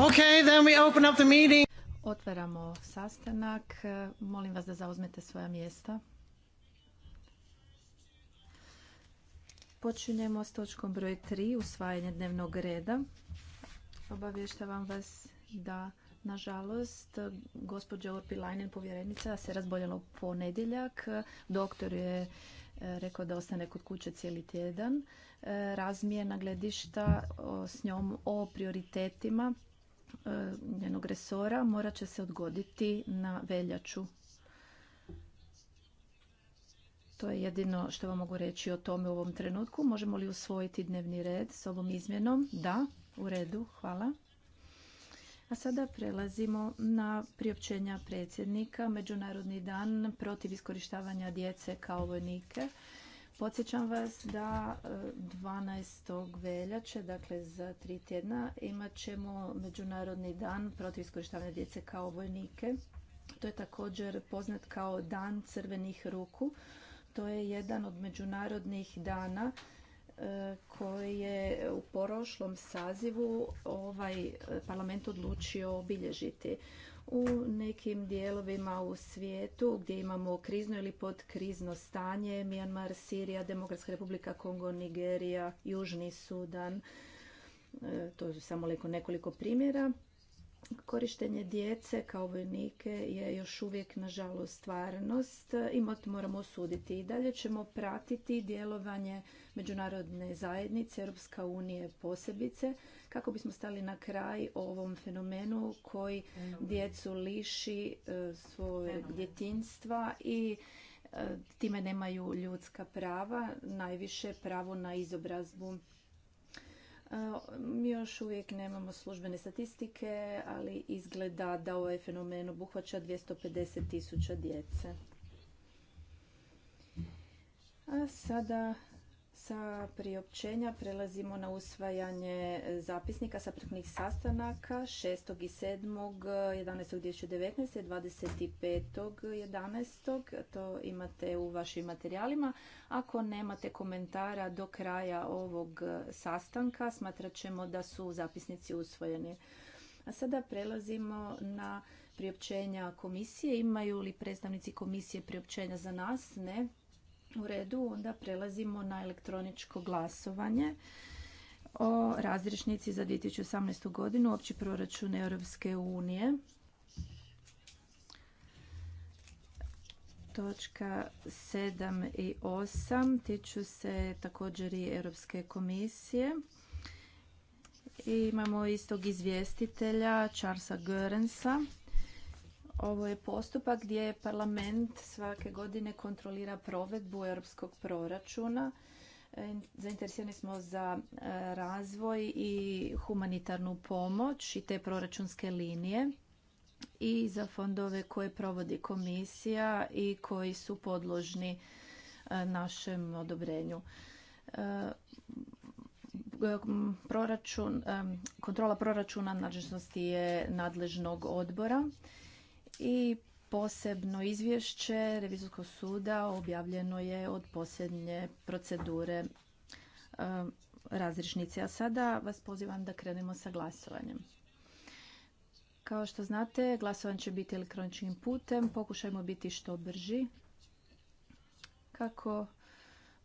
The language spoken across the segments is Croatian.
Okay, then we open up Otvaramo sastanak. Molim vas da zauzmete svoja mjesta. Počinjemo s točkom broj 3, usvajanje dnevnog reda. Obavještavam vas da, nažalost, gospođa Orpi povjerenica, se razboljela u ponedjeljak. Doktor je e, rekao da ostane kod kuće cijeli tjedan. E, Razmijena gledišta s njom o prioritetima E, njenog resora morat će se odgoditi na veljaču. To je jedino što vam mogu reći o tome u ovom trenutku. Možemo li usvojiti dnevni red s ovom izmjenom? Da, u redu, hvala. A sada prelazimo na priopćenja predsjednika Međunarodni dan protiv iskorištavanja djece kao vojnike. Podsjećam vas da 12. E, veljače, dakle za tri tjedna, imat ćemo Međunarodni dan protiv iskorištavanja djece kao vojnike. To je također poznat kao Dan crvenih ruku. To je jedan od međunarodnih dana e, koji je u prošlom sazivu ovaj e, parlament odlučio obilježiti u nekim dijelovima u svijetu gdje imamo krizno ili podkrizno stanje, Mijanmar, Sirija, Demokratska republika Kongo, Nigerija, Južni Sudan, e, to su samo nekoliko primjera. Korištenje djece kao vojnike je još uvijek nažalost stvarnost i moramo osuditi. I dalje ćemo pratiti djelovanje međunarodne zajednice, Europska unije posebice, kako bismo stali na kraj ovom fenomenu koji djecu liši e, svojeg djetinstva i e, time nemaju ljudska prava, najviše pravo na izobrazbu. Mi e, još uvijek nemamo službene statistike, ali izgleda da ovaj fenomen obuhvaća 250 tisuća djece. A sada sa priopćenja prelazimo na usvajanje zapisnika sa prvnih sastanaka 6. i 7. 11. 2019. 25. 11. To imate u vašim materijalima. Ako nemate komentara do kraja ovog sastanka, smatrat ćemo da su zapisnici usvojeni. A sada prelazimo na priopćenja komisije. Imaju li predstavnici komisije priopćenja za nas? Ne. U redu, onda prelazimo na elektroničko glasovanje o razrišnici za 2018. godinu, opći proračun Europske unije. Točka 7 i 8 tiču se također i Europske komisije. I imamo istog izvjestitelja Charlesa Goerensa. Ovo je postupak gdje parlament svake godine kontrolira provedbu europskog proračuna. E, zainteresirani smo za e, razvoj i humanitarnu pomoć i te proračunske linije i za fondove koje provodi komisija i koji su podložni e, našem odobrenju. Proračun, kontrola proračuna nadležnosti je nadležnog odbora i posebno izvješće Revizorskog suda objavljeno je od posljednje procedure e, razrišnice. A sada vas pozivam da krenemo sa glasovanjem. Kao što znate, glasovanje će biti elektroničkim putem. Pokušajmo biti što brži kako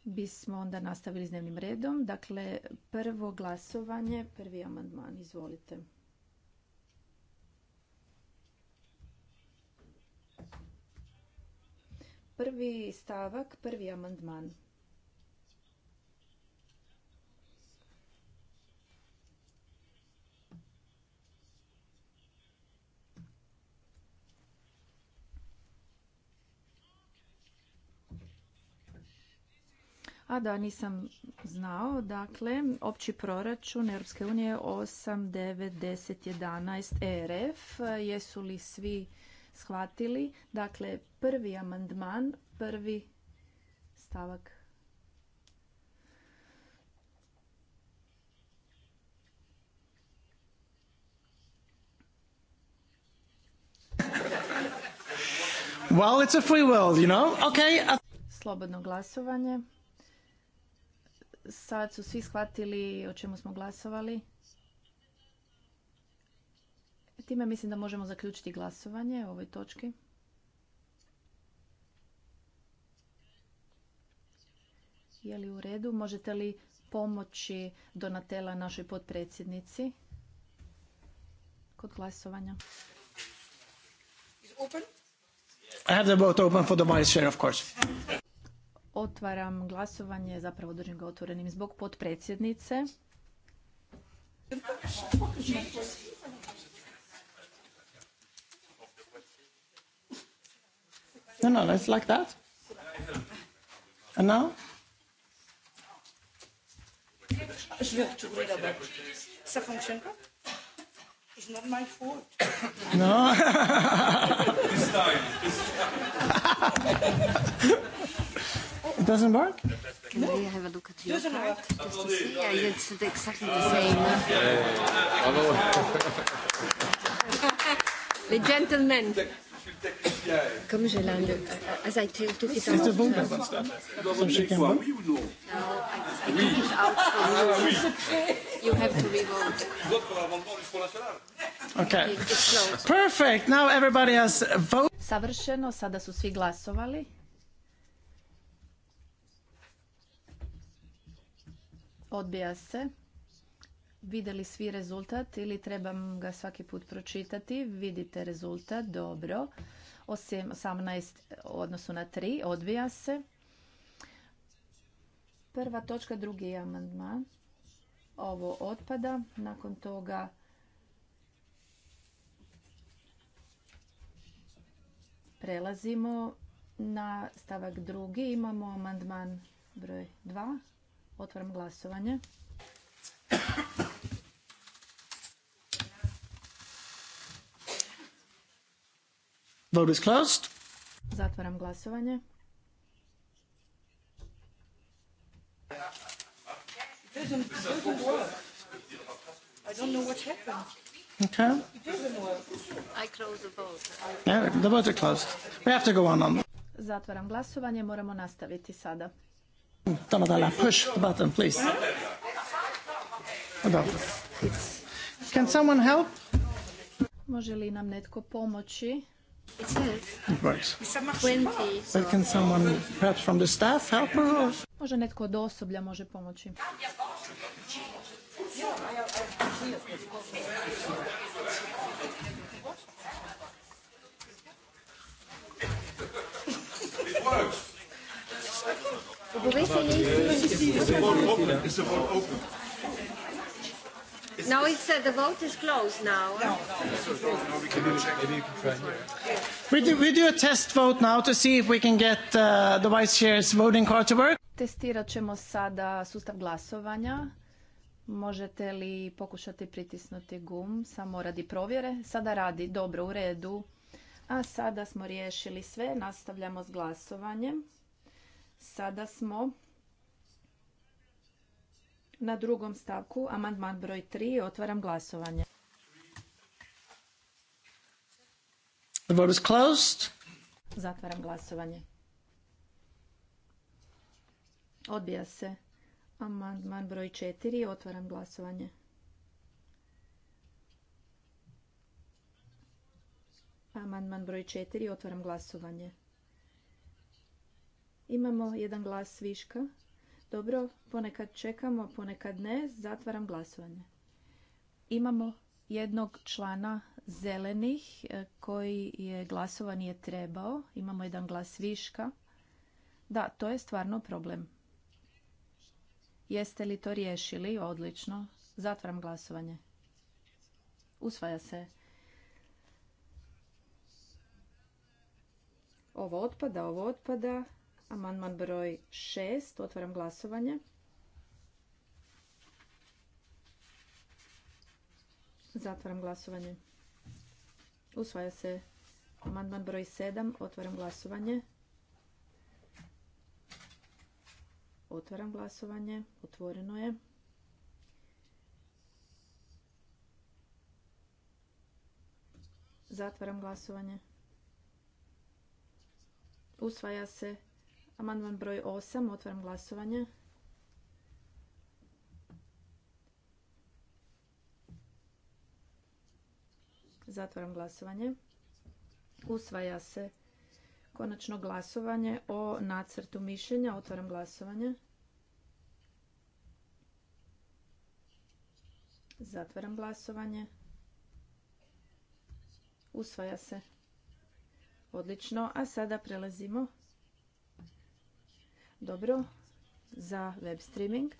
bismo onda nastavili s dnevnim redom. Dakle, prvo glasovanje, prvi amandman. Izvolite. Prvi stavak, prvi amandman. A da, nisam znao. Dakle, opći proračun Europske unije 8, 9, 10, 11 ERF. Jesu li svi shvatili. Dakle, prvi amandman, prvi stavak. Well, it's a free world, you know? Okay. Slobodno glasovanje. Sad su svi shvatili o čemu smo glasovali. Time mislim da možemo zaključiti glasovanje o ovoj točki. Je li u redu? Možete li pomoći Donatela našoj potpredsjednici kod glasovanja? Otvaram glasovanje, zapravo držim ga otvorenim zbog potpredsjednice. No, no, it's like that. And now? It's not my fault. time. It doesn't work? Can no. we have a look at your doesn't card? Just to see? Yeah, it's exactly the same. Yeah, yeah, yeah. the gentleman. Comme je de. as I to it out. It's bon, Son bon. Oui ou non ah, Oui. Ah oui. You have to revote. pour Perfect. Now everybody has voted. Savršeno, sada su svi glasovali. Odbija se. Vidjeli svi rezultat ili trebam ga svaki put pročitati? Vidite rezultat, dobro osim 18 u odnosu na 3 odvija se. Prva točka, drugi amandman. Ovo otpada. Nakon toga prelazimo na stavak drugi. Imamo amandman broj 2. Otvaram glasovanje. Zatvaram glasovanje. Zatvaram glasovanje, moramo nastaviti sada. Can someone help? Može li nam netko pomoći? It's It works. But can someone, perhaps from the staff, help her? Može netko od osoblja može pomoći. It works. It's about open. It's about open. No, it said uh, the vote is closed now. do, a test vote now to see if we can get uh, the vice chair's voting card to work. Testirat ćemo sada sustav glasovanja. Možete li pokušati pritisnuti gum samo radi provjere? Sada radi, dobro, u redu. A sada smo riješili sve, nastavljamo s glasovanjem. Sada smo na drugom stavku, amandman broj 3, otvaram glasovanje. The vote is closed. Zatvaram glasovanje. Odbija se. Amandman broj 4, otvaram glasovanje. Amandman broj 4, otvaram glasovanje. Imamo jedan glas viška. Dobro, ponekad čekamo, ponekad ne. Zatvaram glasovanje. Imamo jednog člana zelenih e, koji je glasovan je trebao. Imamo jedan glas viška. Da, to je stvarno problem. Jeste li to riješili? Odlično. Zatvaram glasovanje. Usvaja se. Ovo otpada, ovo otpada. Amandman broj 6. Otvaram glasovanje. Zatvaram glasovanje. Usvaja se amandman broj 7. Otvaram glasovanje. Otvaram glasovanje. Otvoreno je. Zatvaram glasovanje. Usvaja se Amandman broj 8. Otvaram glasovanje. Zatvaram glasovanje. Usvaja se konačno glasovanje o nacrtu mišljenja. Otvaram glasovanje. Zatvaram glasovanje. Usvaja se. Odlično. A sada prelazimo dobro. Za web streaming.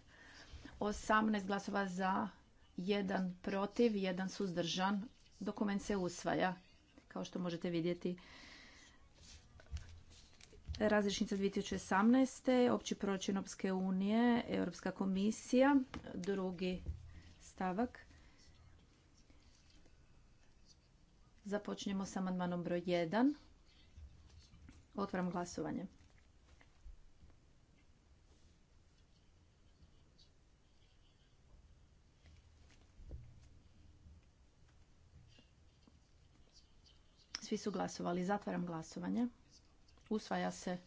18 glasova za, jedan protiv, jedan suzdržan. Dokument se usvaja, kao što možete vidjeti. Različnica 2018. Opći proračun unije, Europska komisija, drugi stavak. Započnemo sa amandmanom broj 1. Otvaram glasovanje. Svi su glasovali. Zatvaram glasovanje. Usvaja se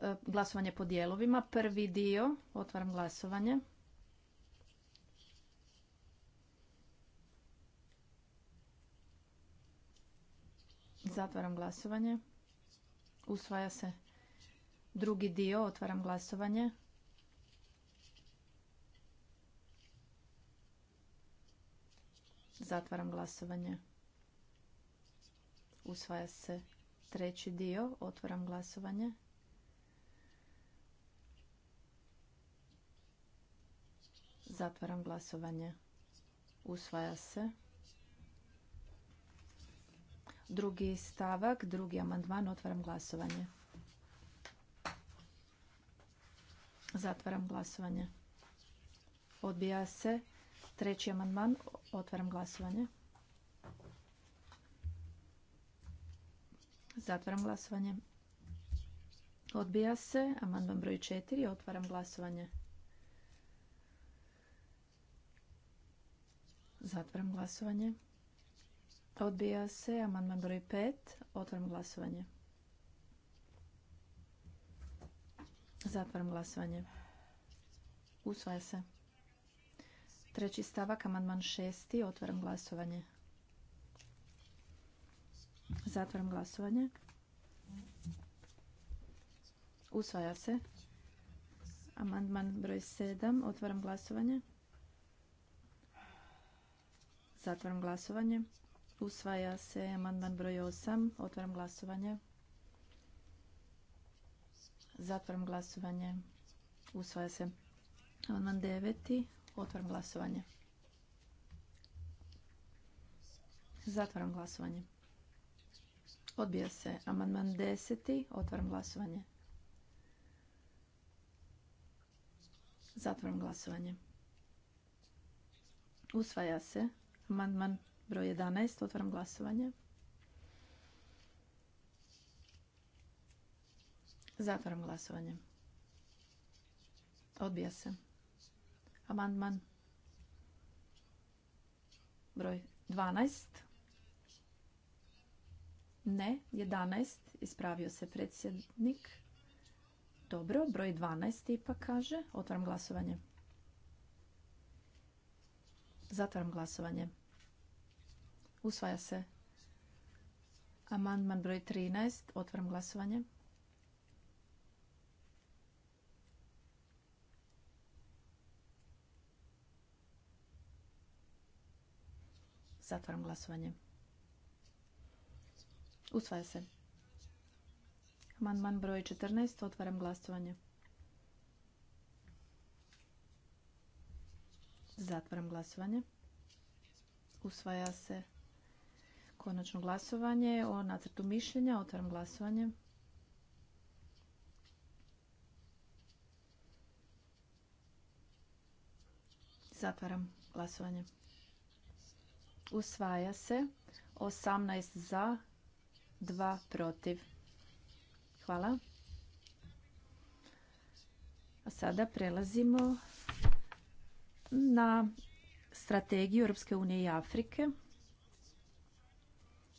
e, glasovanje po dijelovima. Prvi dio, otvaram glasovanje. Zatvaram glasovanje. Usvaja se drugi dio, otvaram glasovanje. Zatvaram glasovanje. Usvaja se treći dio. Otvaram glasovanje. Zatvaram glasovanje. Usvaja se. Drugi stavak, drugi amandman. Otvaram glasovanje. Zatvaram glasovanje. Odbija se Treći amandman. Otvaram glasovanje. Zatvaram glasovanje. Odbija se. Amandman broj četiri. Otvaram glasovanje. Zatvaram glasovanje. Odbija se. Amandman broj pet. Otvaram glasovanje. Zatvaram glasovanje. Usvaja se. Treći stavak, amandman šesti. Otvaram glasovanje. Zatvaram glasovanje. Usvaja se. Amandman broj sedam, Otvaram glasovanje. Zatvaram glasovanje. Usvaja se amandman broj osam, Otvaram glasovanje. Zatvaram glasovanje. Usvaja se. Amandman 9. Otvaram glasovanje. Zatvaram glasovanje. Odbija se amandman 10. Otvaram glasovanje. Zatvaram glasovanje. Usvaja se amandman broj 11. Otvaram glasovanje. Zatvaram glasovanje. Odbija se. Amandman broj 12. Ne, 11. Ispravio se predsjednik. Dobro, broj 12 ipak kaže. Otvaram glasovanje. Zatvaram glasovanje. Usvaja se. Amandman broj 13. Otvaram glasovanje. Zatvaram glasovanje. Usvaja se. Amandman broj 14. Otvaram glasovanje. Zatvaram glasovanje. Usvaja se konačno glasovanje o nacrtu mišljenja. Otvaram glasovanje. Zatvaram glasovanje. Usvaja se. 18 za, 2 protiv. Hvala. A sada prelazimo na strategiju Europske unije i Afrike.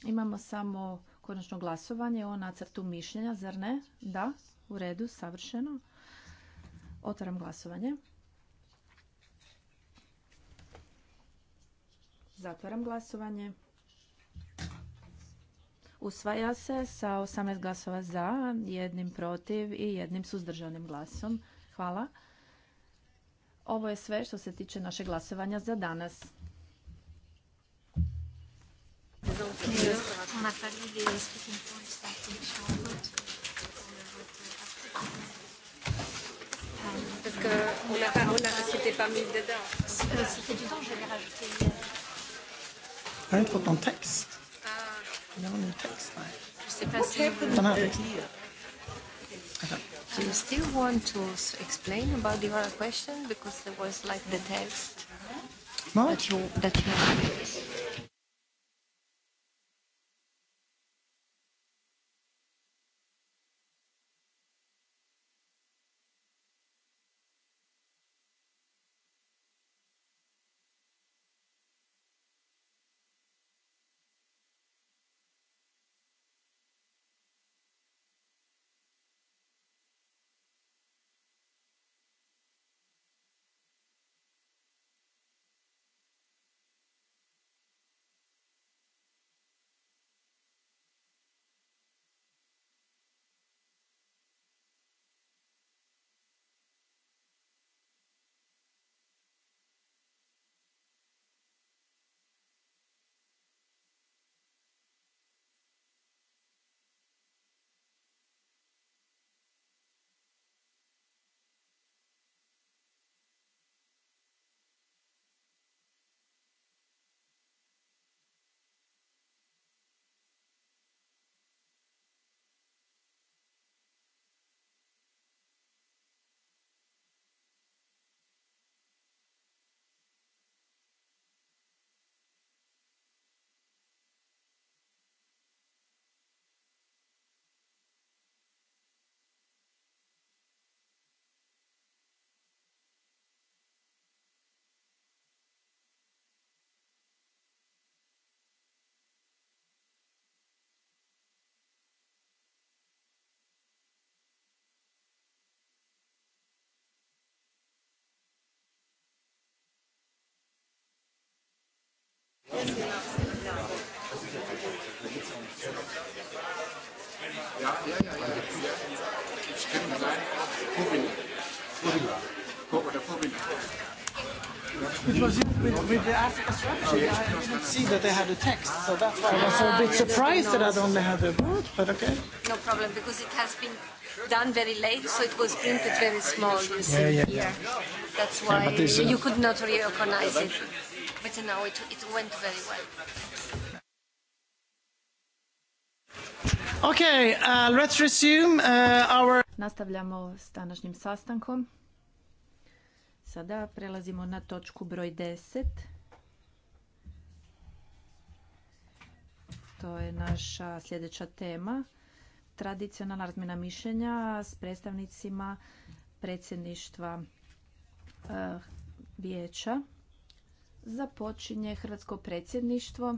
Imamo samo konačno glasovanje o nacrtu mišljenja, zar ne? Da, u redu, savršeno. Otvaram glasovanje. Zatvaram glasovanje. Usvaja se sa 18 glasova za, jednim protiv i jednim suzdržanim glasom. Hvala. Ovo je sve što se tiče našeg glasovanja za danas. Parce que Jag har inte fått någon text. Det var text. Den Do you still want to explain about the question because there was like the text no. that you that you Ja, ja, ja, ja. Es kann sein, Kubina. Kubina. Kubina, Kubina. It was with, the African strategy. I see that they had a text, so that's why I was a bit surprised that I don't have a word, but okay. No problem, because it has been done very late, so it was printed very small, you see. Yeah, yeah, yeah. That's why yeah, uh, you could not recognize it to now. It, it went very well. Uh, let's resume uh, our... Nastavljamo s današnjim sastankom. Sada prelazimo na točku broj 10. To je naša sljedeća tema. Tradicionalna razmjena mišljenja s predstavnicima predsjedništva uh, vijeća započinje hrvatsko predsjedništvo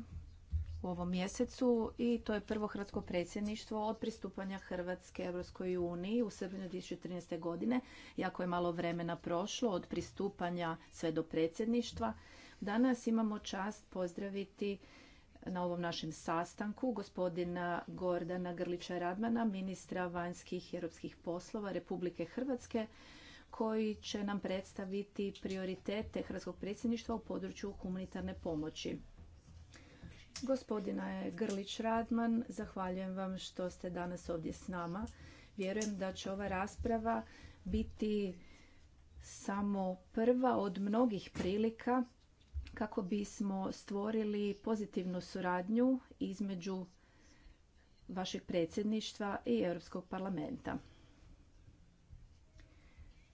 u ovom mjesecu i to je prvo hrvatsko predsjedništvo od pristupanja Hrvatske Europskoj uniji u srpnju 2013. godine. Jako je malo vremena prošlo od pristupanja sve do predsjedništva. Danas imamo čast pozdraviti na ovom našem sastanku gospodina Gordana Grlića Radmana, ministra vanjskih i europskih poslova Republike Hrvatske, koji će nam predstaviti prioritete Hrvatskog predsjedništva u području humanitarne pomoći. Gospodina je Grlić Radman, zahvaljujem vam što ste danas ovdje s nama. Vjerujem da će ova rasprava biti samo prva od mnogih prilika kako bismo stvorili pozitivnu suradnju između vašeg predsjedništva i Europskog parlamenta.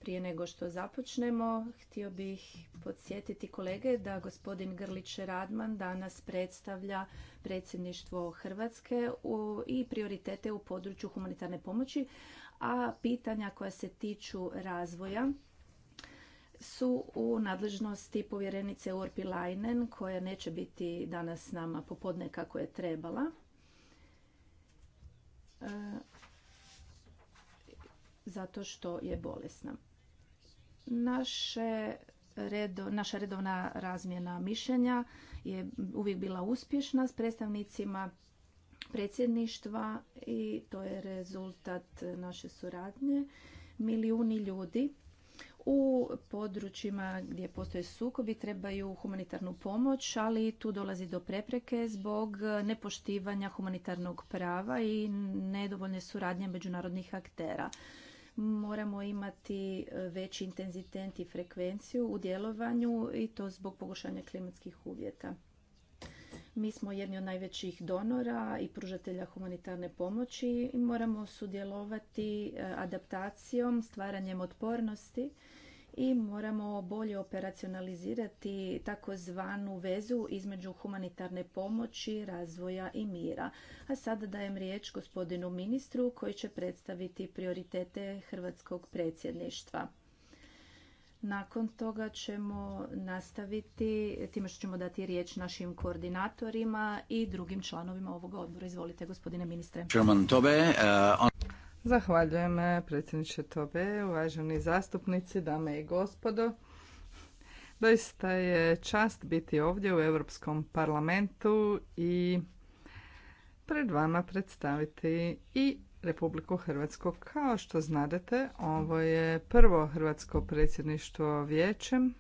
Prije nego što započnemo, htio bih podsjetiti kolege da gospodin Grlić Radman danas predstavlja predsjedništvo Hrvatske i prioritete u području humanitarne pomoći, a pitanja koja se tiču razvoja su u nadležnosti povjerenice Urpi Lajnen, koja neće biti danas s nama popodne kako je trebala. E, zato što je bolesna. Naše redo, naša redovna razmjena mišljenja je uvijek bila uspješna s predstavnicima predsjedništva i to je rezultat naše suradnje. Milijuni ljudi u područjima gdje postoje sukobi trebaju humanitarnu pomoć, ali tu dolazi do prepreke zbog nepoštivanja humanitarnog prava i nedovoljne suradnje međunarodnih aktera moramo imati e, veći intenzitet i frekvenciju u djelovanju i to zbog pogoršanja klimatskih uvjeta. Mi smo jedni od najvećih donora i pružatelja humanitarne pomoći i moramo sudjelovati e, adaptacijom, stvaranjem otpornosti i moramo bolje operacionalizirati takozvanu vezu između humanitarne pomoći, razvoja i mira. A sada dajem riječ gospodinu ministru koji će predstaviti prioritete hrvatskog predsjedništva. Nakon toga ćemo nastaviti time što ćemo dati riječ našim koordinatorima i drugim članovima ovog odbora. Izvolite, gospodine ministre. Zahvaljujem eh, predsjedniče Tobe, uvaženi zastupnici, dame i gospodo. Doista je čast biti ovdje u Europskom parlamentu i pred vama predstaviti i Republiku Hrvatsku. Kao što znadete, ovo je prvo hrvatsko predsjedništvo vijećem.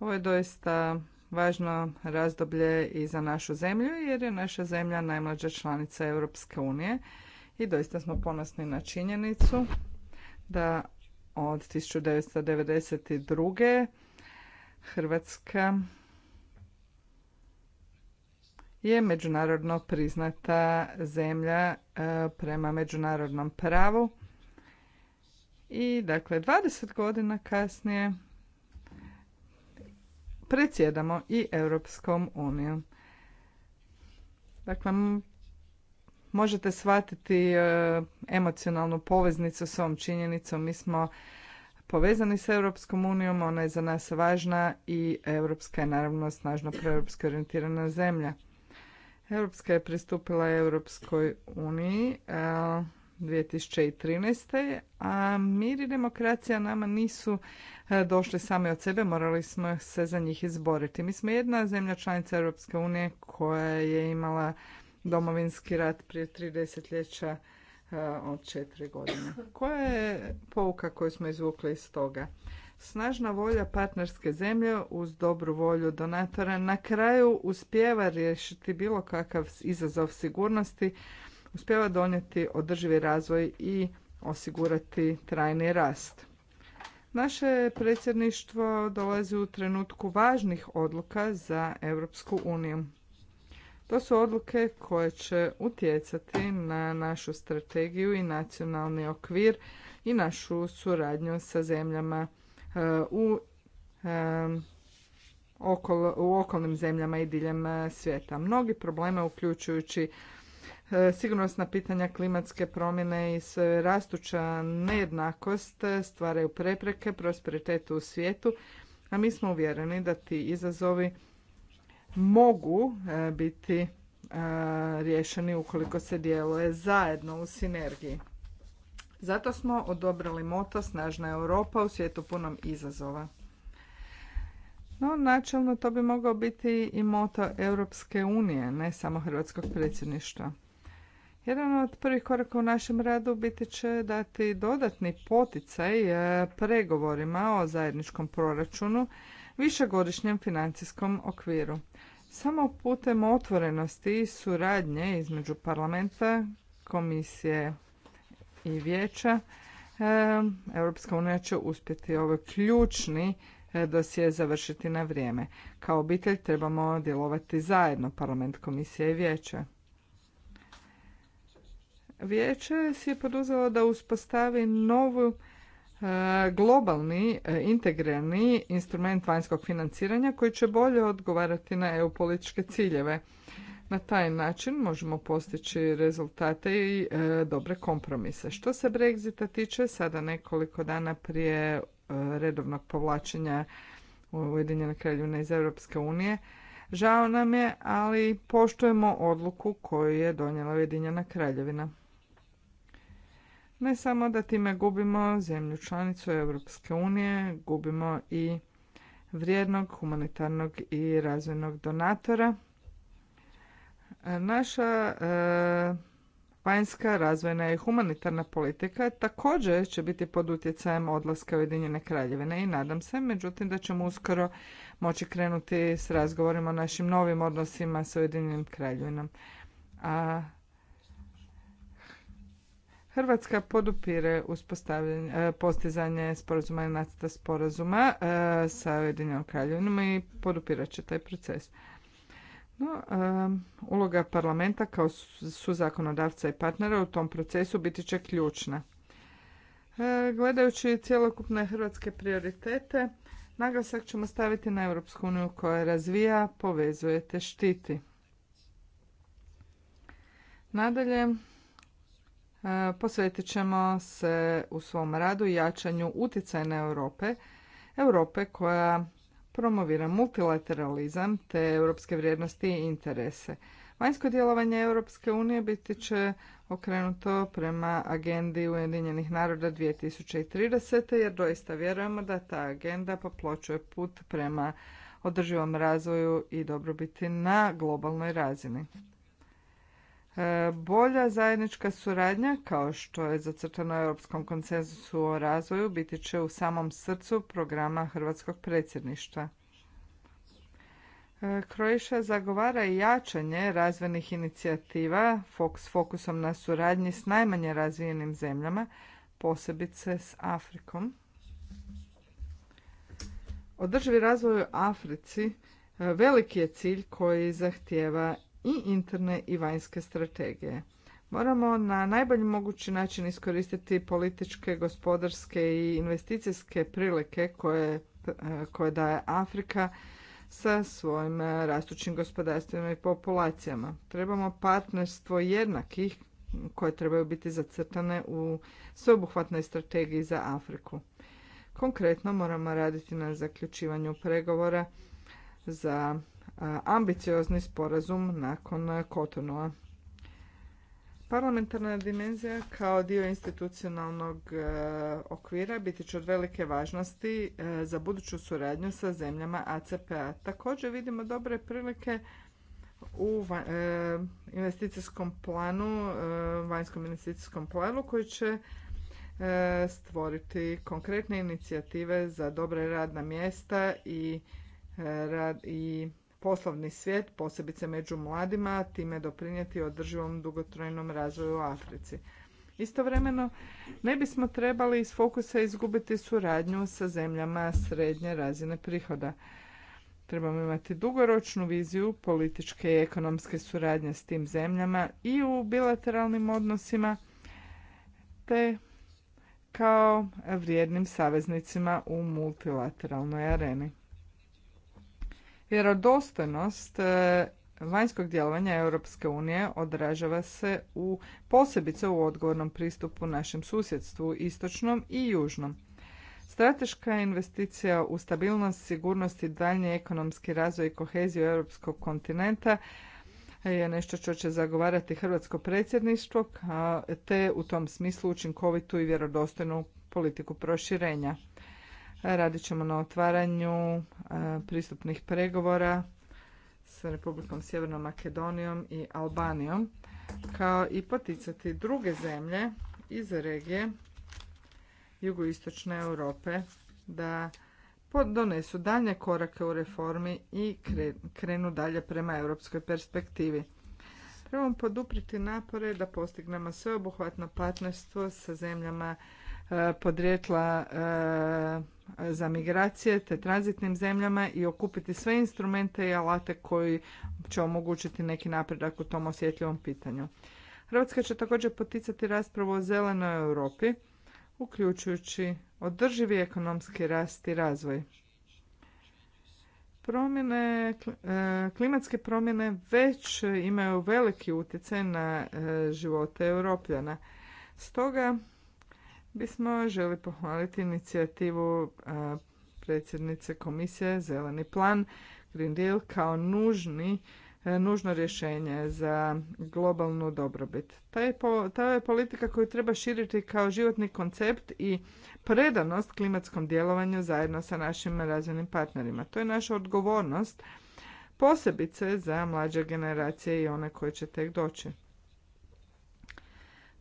Ovo je doista važno razdoblje i za našu zemlju jer je naša zemlja najmlađa članica Europske unije i doista smo ponosni na činjenicu da od 1992. Hrvatska je međunarodno priznata zemlja e, prema međunarodnom pravu. I dakle 20 godina kasnije predsjedamo i Europskom unijom. Dakle, možete shvatiti e, emocionalnu poveznicu s ovom činjenicom. Mi smo povezani s Europskom unijom, ona je za nas važna i Europska je naravno snažno proeuropski orijentirana zemlja. Europska je pristupila Europskoj uniji 2013. E, a mir i demokracija nama nisu e, došli same od sebe, morali smo se za njih izboriti. Mi smo jedna zemlja članica Europske unije koja je imala domovinski rat prije tri desetljeća e, od četiri godine. Koja je pouka koju smo izvukli iz toga? Snažna volja partnerske zemlje uz dobru volju donatora na kraju uspjeva riješiti bilo kakav izazov sigurnosti, uspjeva donijeti održivi razvoj i osigurati trajni rast. Naše predsjedništvo dolazi u trenutku važnih odluka za Europsku uniju. To su odluke koje će utjecati na našu strategiju i nacionalni okvir i našu suradnju sa zemljama eh, u, eh, u okolnim zemljama i diljem eh, svijeta. Mnogi problema, uključujući sigurnosna pitanja klimatske promjene i sve rastuća nejednakost stvaraju prepreke prosperitetu u svijetu, a mi smo uvjereni da ti izazovi mogu e, biti e, riješeni ukoliko se djeluje zajedno u sinergiji. Zato smo odobrali moto Snažna Europa u svijetu punom izazova. No, načelno to bi mogao biti i moto Europske unije, ne samo Hrvatskog predsjedništva. Jedan od prvih koraka u našem radu biti će dati dodatni poticaj e, pregovorima o zajedničkom proračunu, višegodišnjem financijskom okviru. Samo putem otvorenosti i suradnje između parlamenta, komisije i vijeća eh, Europska unija će uspjeti ovaj ključni eh, dosje završiti na vrijeme. Kao obitelj trebamo djelovati zajedno, parlament, Komisije i vijeće. Vijeće si je poduzelo da uspostavi novu E, globalni e, integrirani instrument vanjskog financiranja koji će bolje odgovarati na EU političke ciljeve. Na taj način možemo postići rezultate i e, dobre kompromise. Što se Brexita tiče, sada nekoliko dana prije redovnog povlačenja Ujedinjene kraljevine iz Europske unije, Žao nam je, ali poštujemo odluku koju je donijela Ujedinjena kraljevina. Ne samo da time gubimo zemlju članicu Europske unije, gubimo i vrijednog humanitarnog i razvojnog donatora. E, naša e, vanjska razvojna i humanitarna politika također će biti pod utjecajem odlaska Ujedinjene kraljevine i nadam se, međutim, da ćemo uskoro moći krenuti s razgovorima o našim novim odnosima sa Ujedinjenim kraljevinom. A Hrvatska podupire uspostavljanje, e, postizanje sporazuma i nacrta sporazuma e, sa Ujedinjenom kraljevinom i podupirat će taj proces. No, e, uloga parlamenta kao su zakonodavca i partnera u tom procesu biti će ključna. Gledajući cjelokupne hrvatske prioritete, naglasak ćemo staviti na Europsku uniju koja razvija, povezuje te štiti. Nadalje, posvetit ćemo se u svom radu jačanju utjecajne Europe, Europe koja promovira multilateralizam te europske vrijednosti i interese. Vanjsko djelovanje Europske unije biti će okrenuto prema agendi Ujedinjenih naroda 2030. jer doista vjerujemo da ta agenda popločuje put prema održivom razvoju i dobrobiti na globalnoj razini. E, bolja zajednička suradnja, kao što je zacrtano u Europskom konsenzusu o razvoju, biti će u samom srcu programa Hrvatskog predsjedništva. Krojiša e, zagovara i jačanje razvojnih inicijativa s fokusom na suradnji s najmanje razvijenim zemljama, posebice s Afrikom. Održivi razvoj u Africi e, veliki je cilj koji zahtijeva i interne i vanjske strategije. Moramo na najbolji mogući način iskoristiti političke, gospodarske i investicijske prilike koje, eh, koje daje Afrika sa svojim eh, rastućim gospodarstvima i populacijama. Trebamo partnerstvo jednakih koje trebaju biti zacrtane u sveobuhvatnoj strategiji za Afriku. Konkretno moramo raditi na zaključivanju pregovora za ambiciozni sporazum nakon Kotonua. E, Parlamentarna dimenzija kao dio institucionalnog e, okvira biti će od velike važnosti e, za buduću suradnju sa zemljama ACP-a. Također vidimo dobre prilike u investicijskom planu, vanjskom investicijskom planu koji će stvoriti konkretne inicijative za dobre radna mjesta i rad i poslovni svijet, posebice među mladima, a time doprinijeti održivom dugotrajnom razvoju u Africi. Istovremeno, ne bismo trebali iz fokusa izgubiti suradnju sa zemljama srednje razine prihoda. Trebamo imati dugoročnu viziju političke i ekonomske suradnje s tim zemljama i u bilateralnim odnosima, te kao vrijednim saveznicima u multilateralnoj areni. Vjerodostojnost e, vanjskog djelovanja Europske unije odražava se u posebice u odgovornom pristupu našem susjedstvu, istočnom i južnom. Strateška investicija u stabilnost, sigurnost i daljnji ekonomski razvoj i koheziju europskog kontinenta je nešto što će zagovarati hrvatsko predsjedništvo, te u tom smislu učinkovitu i vjerodostojnu politiku proširenja. Radit ćemo na otvaranju e, pristupnih pregovora s Republikom Sjevernom Makedonijom i Albanijom, kao i poticati druge zemlje iz regije jugoistočne Europe da donesu dalje korake u reformi i krenu dalje prema europskoj perspektivi. Trebamo podupriti napore da postignemo sveobuhvatno partnerstvo sa zemljama e, podrijetla e, za migracije te tranzitnim zemljama i okupiti sve instrumente i alate koji će omogućiti neki napredak u tom osjetljivom pitanju. Hrvatska će također poticati raspravu o zelenoj Europi, uključujući održivi ekonomski rast i razvoj. Promjene, e, klimatske promjene već imaju veliki utjecaj na e, živote europljana. Stoga bismo želi pohvaliti inicijativu predsjednice komisije Zeleni plan Green Deal kao nužni e, nužno rješenje za globalnu dobrobit. Ta je, je politika koju treba širiti kao životni koncept i predanost klimatskom djelovanju zajedno sa našim razvojnim partnerima. To je naša odgovornost, posebice za mlađe generacije i one koje će tek doći.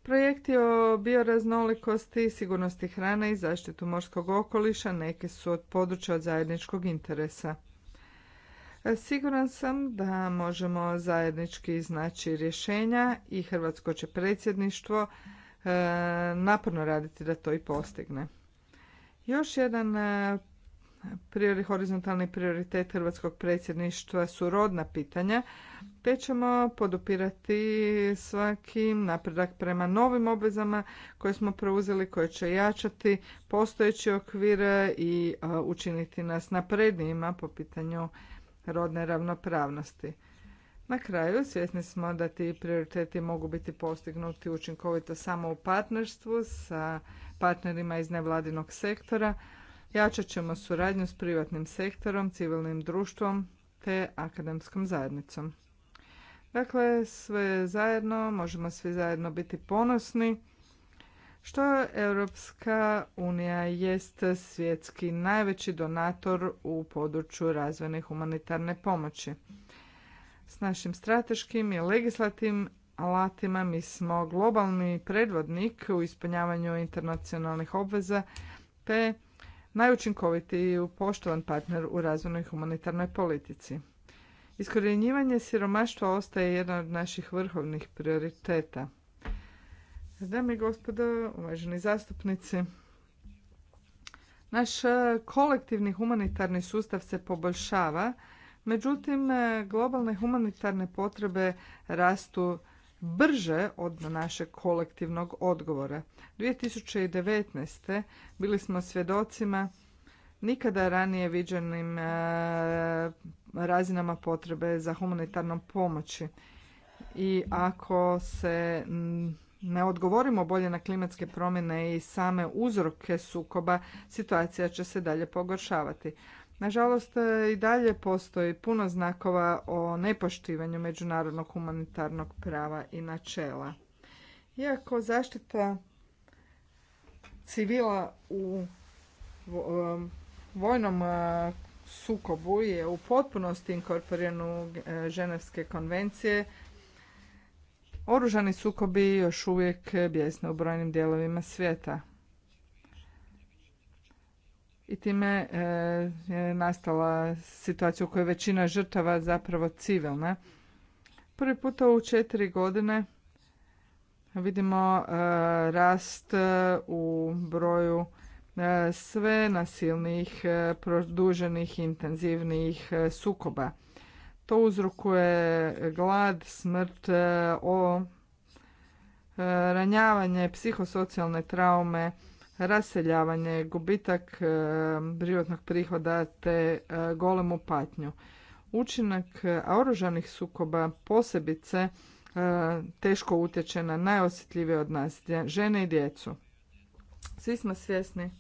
Projekti o bioraznolikosti sigurnosti hrane i zaštitu morskog okoliša neke su od područja od zajedničkog interesa. E, siguran sam da možemo zajednički iznaći rješenja i Hrvatsko će predsjedništvo e, naporno raditi da to i postigne. Još jedan e, priori, horizontalni prioritet hrvatskog predsjedništva su rodna pitanja, te ćemo podupirati svaki napredak prema novim obvezama koje smo preuzeli, koje će jačati postojeći okvir i učiniti nas naprednijima po pitanju rodne ravnopravnosti. Na kraju, svjesni smo da ti prioriteti mogu biti postignuti učinkovito samo u partnerstvu sa partnerima iz nevladinog sektora, Jačat ćemo suradnju s privatnim sektorom, civilnim društvom te akademskom zajednicom. Dakle, sve zajedno, možemo svi zajedno biti ponosni što Europska unija jest svjetski najveći donator u području razvojne humanitarne pomoći. S našim strateškim i legislativnim alatima mi smo globalni predvodnik u ispunjavanju internacionalnih obveza te najučinkovitiji i poštovan partner u razvojnoj humanitarnoj politici. Iskorjenjivanje siromaštva ostaje jedan od naših vrhovnih prioriteta. Dame i gospodo, uvaženi zastupnici, naš e, kolektivni humanitarni sustav se poboljšava, međutim e, globalne humanitarne potrebe rastu brže od našeg kolektivnog odgovora. 2019. bili smo svjedocima nikada ranije viđenim e, razinama potrebe za humanitarnom pomoći. I ako se ne odgovorimo bolje na klimatske promjene i same uzroke sukoba, situacija će se dalje pogoršavati. Nažalost, e, i dalje postoji puno znakova o nepoštivanju međunarodnog humanitarnog prava i načela. Iako zaštita civila u e, vojnom e, sukobu je u potpunosti inkorporiran u Ženevske konvencije, oružani sukobi još uvijek bijesne u brojnim dijelovima svijeta i time e, je nastala situacija u kojoj je većina žrtava zapravo civilna. Prvi puta u četiri godine vidimo e, rast e, u broju sve nasilnih, produženih, intenzivnih sukoba. To uzrokuje glad, smrt, o ranjavanje, psihosocijalne traume, raseljavanje, gubitak privatnog eh, prihoda te eh, golemu patnju. Učinak eh, oružanih sukoba posebice teško utječe na najosjetljivije od nas, žene i djecu. Svi smo svjesni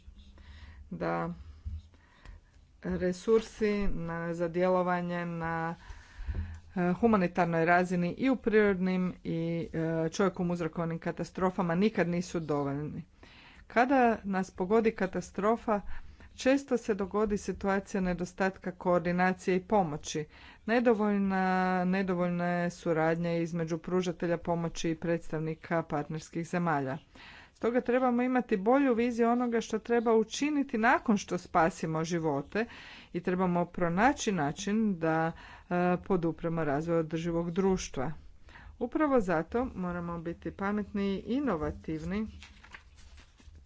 da resursi na, za djelovanje na humanitarnoj razini i u prirodnim i čovjekom uzrokovanim katastrofama nikad nisu dovoljni. Kada nas pogodi katastrofa, često se dogodi situacija nedostatka koordinacije i pomoći. Nedovoljna, nedovoljna je suradnja između pružatelja pomoći i predstavnika partnerskih zemalja. Stoga trebamo imati bolju viziju onoga što treba učiniti nakon što spasimo živote i trebamo pronaći način da e, podupremo razvoj održivog društva. Upravo zato moramo biti pametni i inovativni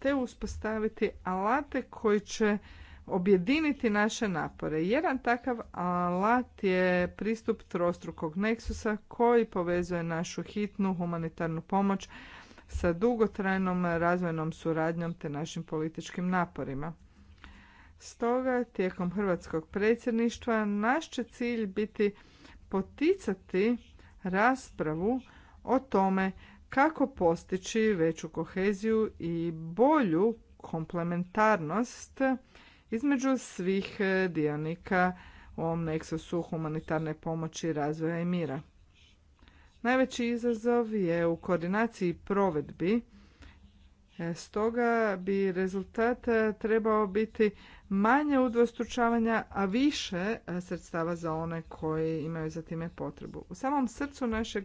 te uspostaviti alate koji će objediniti naše napore. Jedan takav alat je pristup trostrukog neksusa koji povezuje našu hitnu humanitarnu pomoć sa dugotrajnom razvojnom suradnjom te našim političkim naporima. Stoga, tijekom hrvatskog predsjedništva, naš će cilj biti poticati raspravu o tome kako postići veću koheziju i bolju komplementarnost između svih e, dionika u ovom neksusu humanitarne pomoći, razvoja i mira. Najveći izazov je u koordinaciji provedbi E, stoga bi rezultat e, trebao biti manje udvostručavanja, a više e, sredstava za one koji imaju za time potrebu. U samom srcu našeg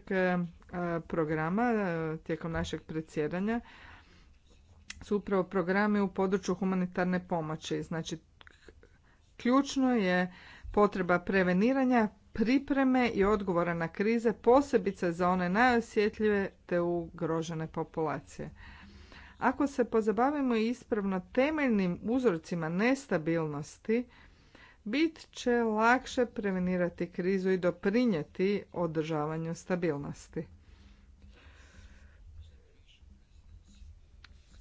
programa, tijekom našeg predsjedanja, su upravo programi u području humanitarne pomoći. Znači, ključno je potreba preveniranja, pripreme i odgovora na krize, posebice za one najosjetljive te ugrožene populacije. Ako se pozabavimo ispravno temeljnim uzorcima nestabilnosti, bit će lakše prevenirati krizu i doprinijeti održavanju stabilnosti.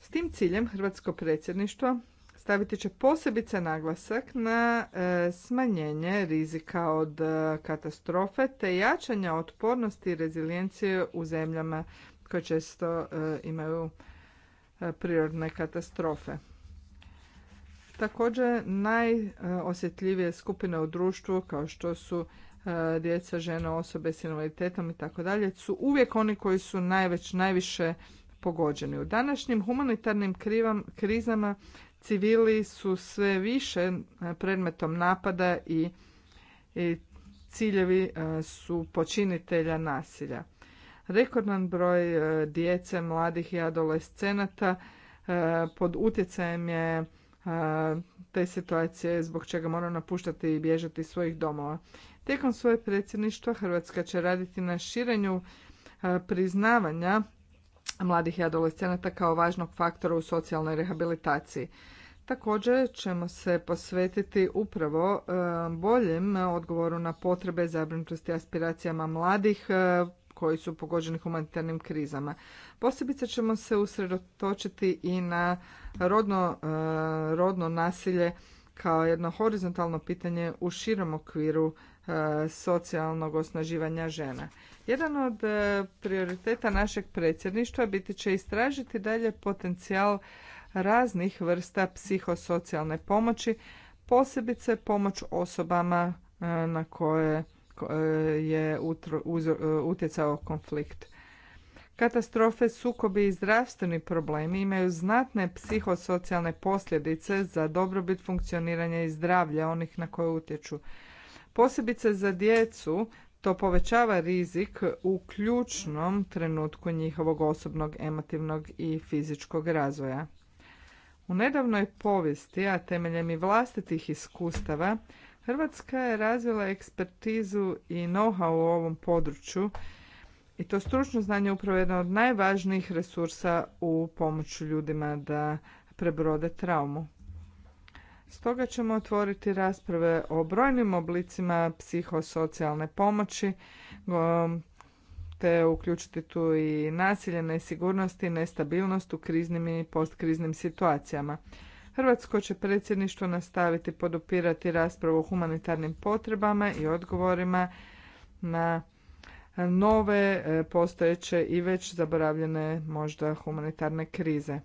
S tim ciljem Hrvatsko predsjedništvo staviti će posebice naglasak na e, smanjenje rizika od e, katastrofe te jačanja otpornosti i rezilijencije u zemljama koje često e, imaju E, prirodne katastrofe. Također najosjetljivije skupine u društvu kao što su e, djeca, žene, osobe s invaliditetom i tako dalje su uvijek oni koji su najveć, najviše pogođeni. U današnjim humanitarnim krivam, krizama civili su sve više e, predmetom napada i, i ciljevi su počinitelja nasilja rekordan broj e, djece, mladih i adolescenata e, pod utjecajem je e, te situacije zbog čega mora napuštati i bježati iz svojih domova. Tijekom svoje predsjedništva Hrvatska će raditi na širenju priznavanja mladih i adolescenata kao važnog faktora u socijalnoj rehabilitaciji. Također ćemo se posvetiti upravo boljem odgovoru na potrebe zabrinutosti aspiracijama mladih koji su pogođeni humanitarnim krizama. Posebice ćemo se usredotočiti i na rodno, e, rodno nasilje kao jedno horizontalno pitanje u širom okviru e, socijalnog osnaživanja žena. Jedan od e, prioriteta našeg predsjedništva biti će istražiti dalje potencijal raznih vrsta psihosocijalne pomoći, posebice pomoć osobama na koje E, je e, utjecao konflikt. Katastrofe, sukobi i zdravstveni problemi imaju znatne psihosocijalne posljedice za dobrobit funkcioniranja i zdravlja onih na koje utječu. Posebice za djecu to povećava rizik u ključnom trenutku njihovog osobnog, emotivnog i fizičkog razvoja. U nedavnoj povijesti, a temeljem i vlastitih iskustava, Hrvatska je razvila ekspertizu i know-how u ovom području i to stručno znanje je upravo jedna od najvažnijih resursa u pomoću ljudima da prebrode traumu. Stoga ćemo otvoriti rasprave o brojnim oblicima psihosocijalne pomoći, um, te uključiti tu i nasilje, nesigurnost i nestabilnost u kriznim i postkriznim situacijama. Hrvatsko će predsjedništvo nastaviti podupirati raspravu o humanitarnim potrebama i odgovorima na nove e, postojeće i već zaboravljene možda humanitarne krize.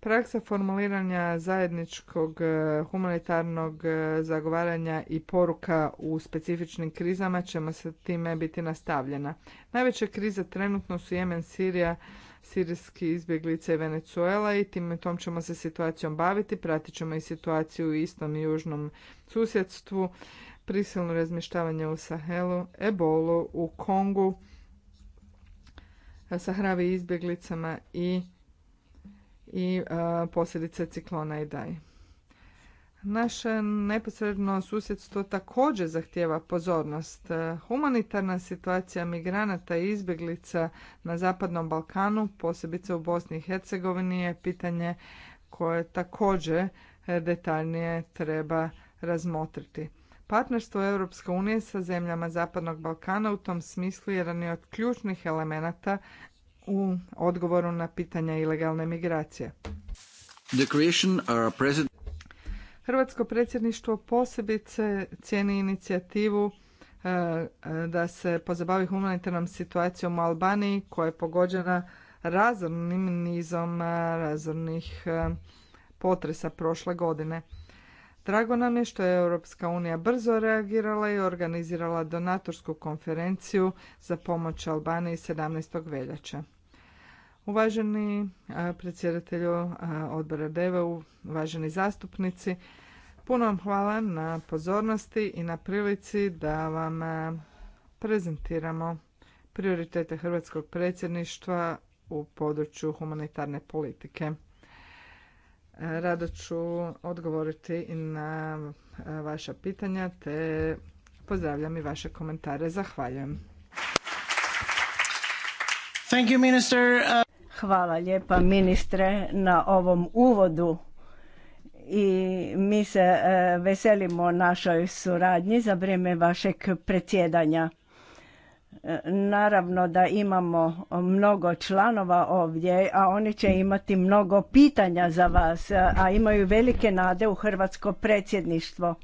Praksa formuliranja zajedničkog e, humanitarnog e, zagovaranja i poruka u specifičnim krizama ćemo se time biti nastavljena. Najveće krize trenutno su Jemen, Sirija, sirijski izbjeglice i Venezuela i tim tom ćemo se situacijom baviti. Pratit ćemo i situaciju u istom i južnom susjedstvu, prisilno razmještavanje u Sahelu, ebolu u Kongu, Sahravi izbjeglicama i, i posljedice ciklona i daj. Naše neposredno susjedstvo također zahtjeva pozornost. Humanitarna situacija migranata i izbjeglica na Zapadnom Balkanu, posebice u Bosni i Hercegovini, je pitanje koje također detaljnije treba razmotriti. Partnerstvo Europske unije sa zemljama Zapadnog Balkana u tom smislu je jedan od ključnih elemenata u odgovoru na pitanja ilegalne migracije. Hrvatsko predsjedništvo posebice cijeni inicijativu e, da se pozabavi humanitarnom situacijom u Albaniji koja je pogođena razornim nizom e, razornih e, potresa prošle godine. Drago nam je što je Europska unija brzo reagirala i organizirala donatorsku konferenciju za pomoć Albaniji 17. veljače. Uvaženi predsjedatelju odbora DEVA, uvaženi zastupnici, puno vam hvala na pozornosti i na prilici da vam prezentiramo prioritete Hrvatskog predsjedništva u području humanitarne politike. Rado ću odgovoriti i na vaša pitanja te pozdravljam i vaše komentare. Zahvaljujem. Thank Hvala lijepa ministre na ovom uvodu i mi se e, veselimo našoj suradnji za vrijeme vašeg predsjedanja. E, naravno da imamo mnogo članova ovdje, a oni će imati mnogo pitanja za vas, e, a imaju velike nade u hrvatsko predsjedništvo.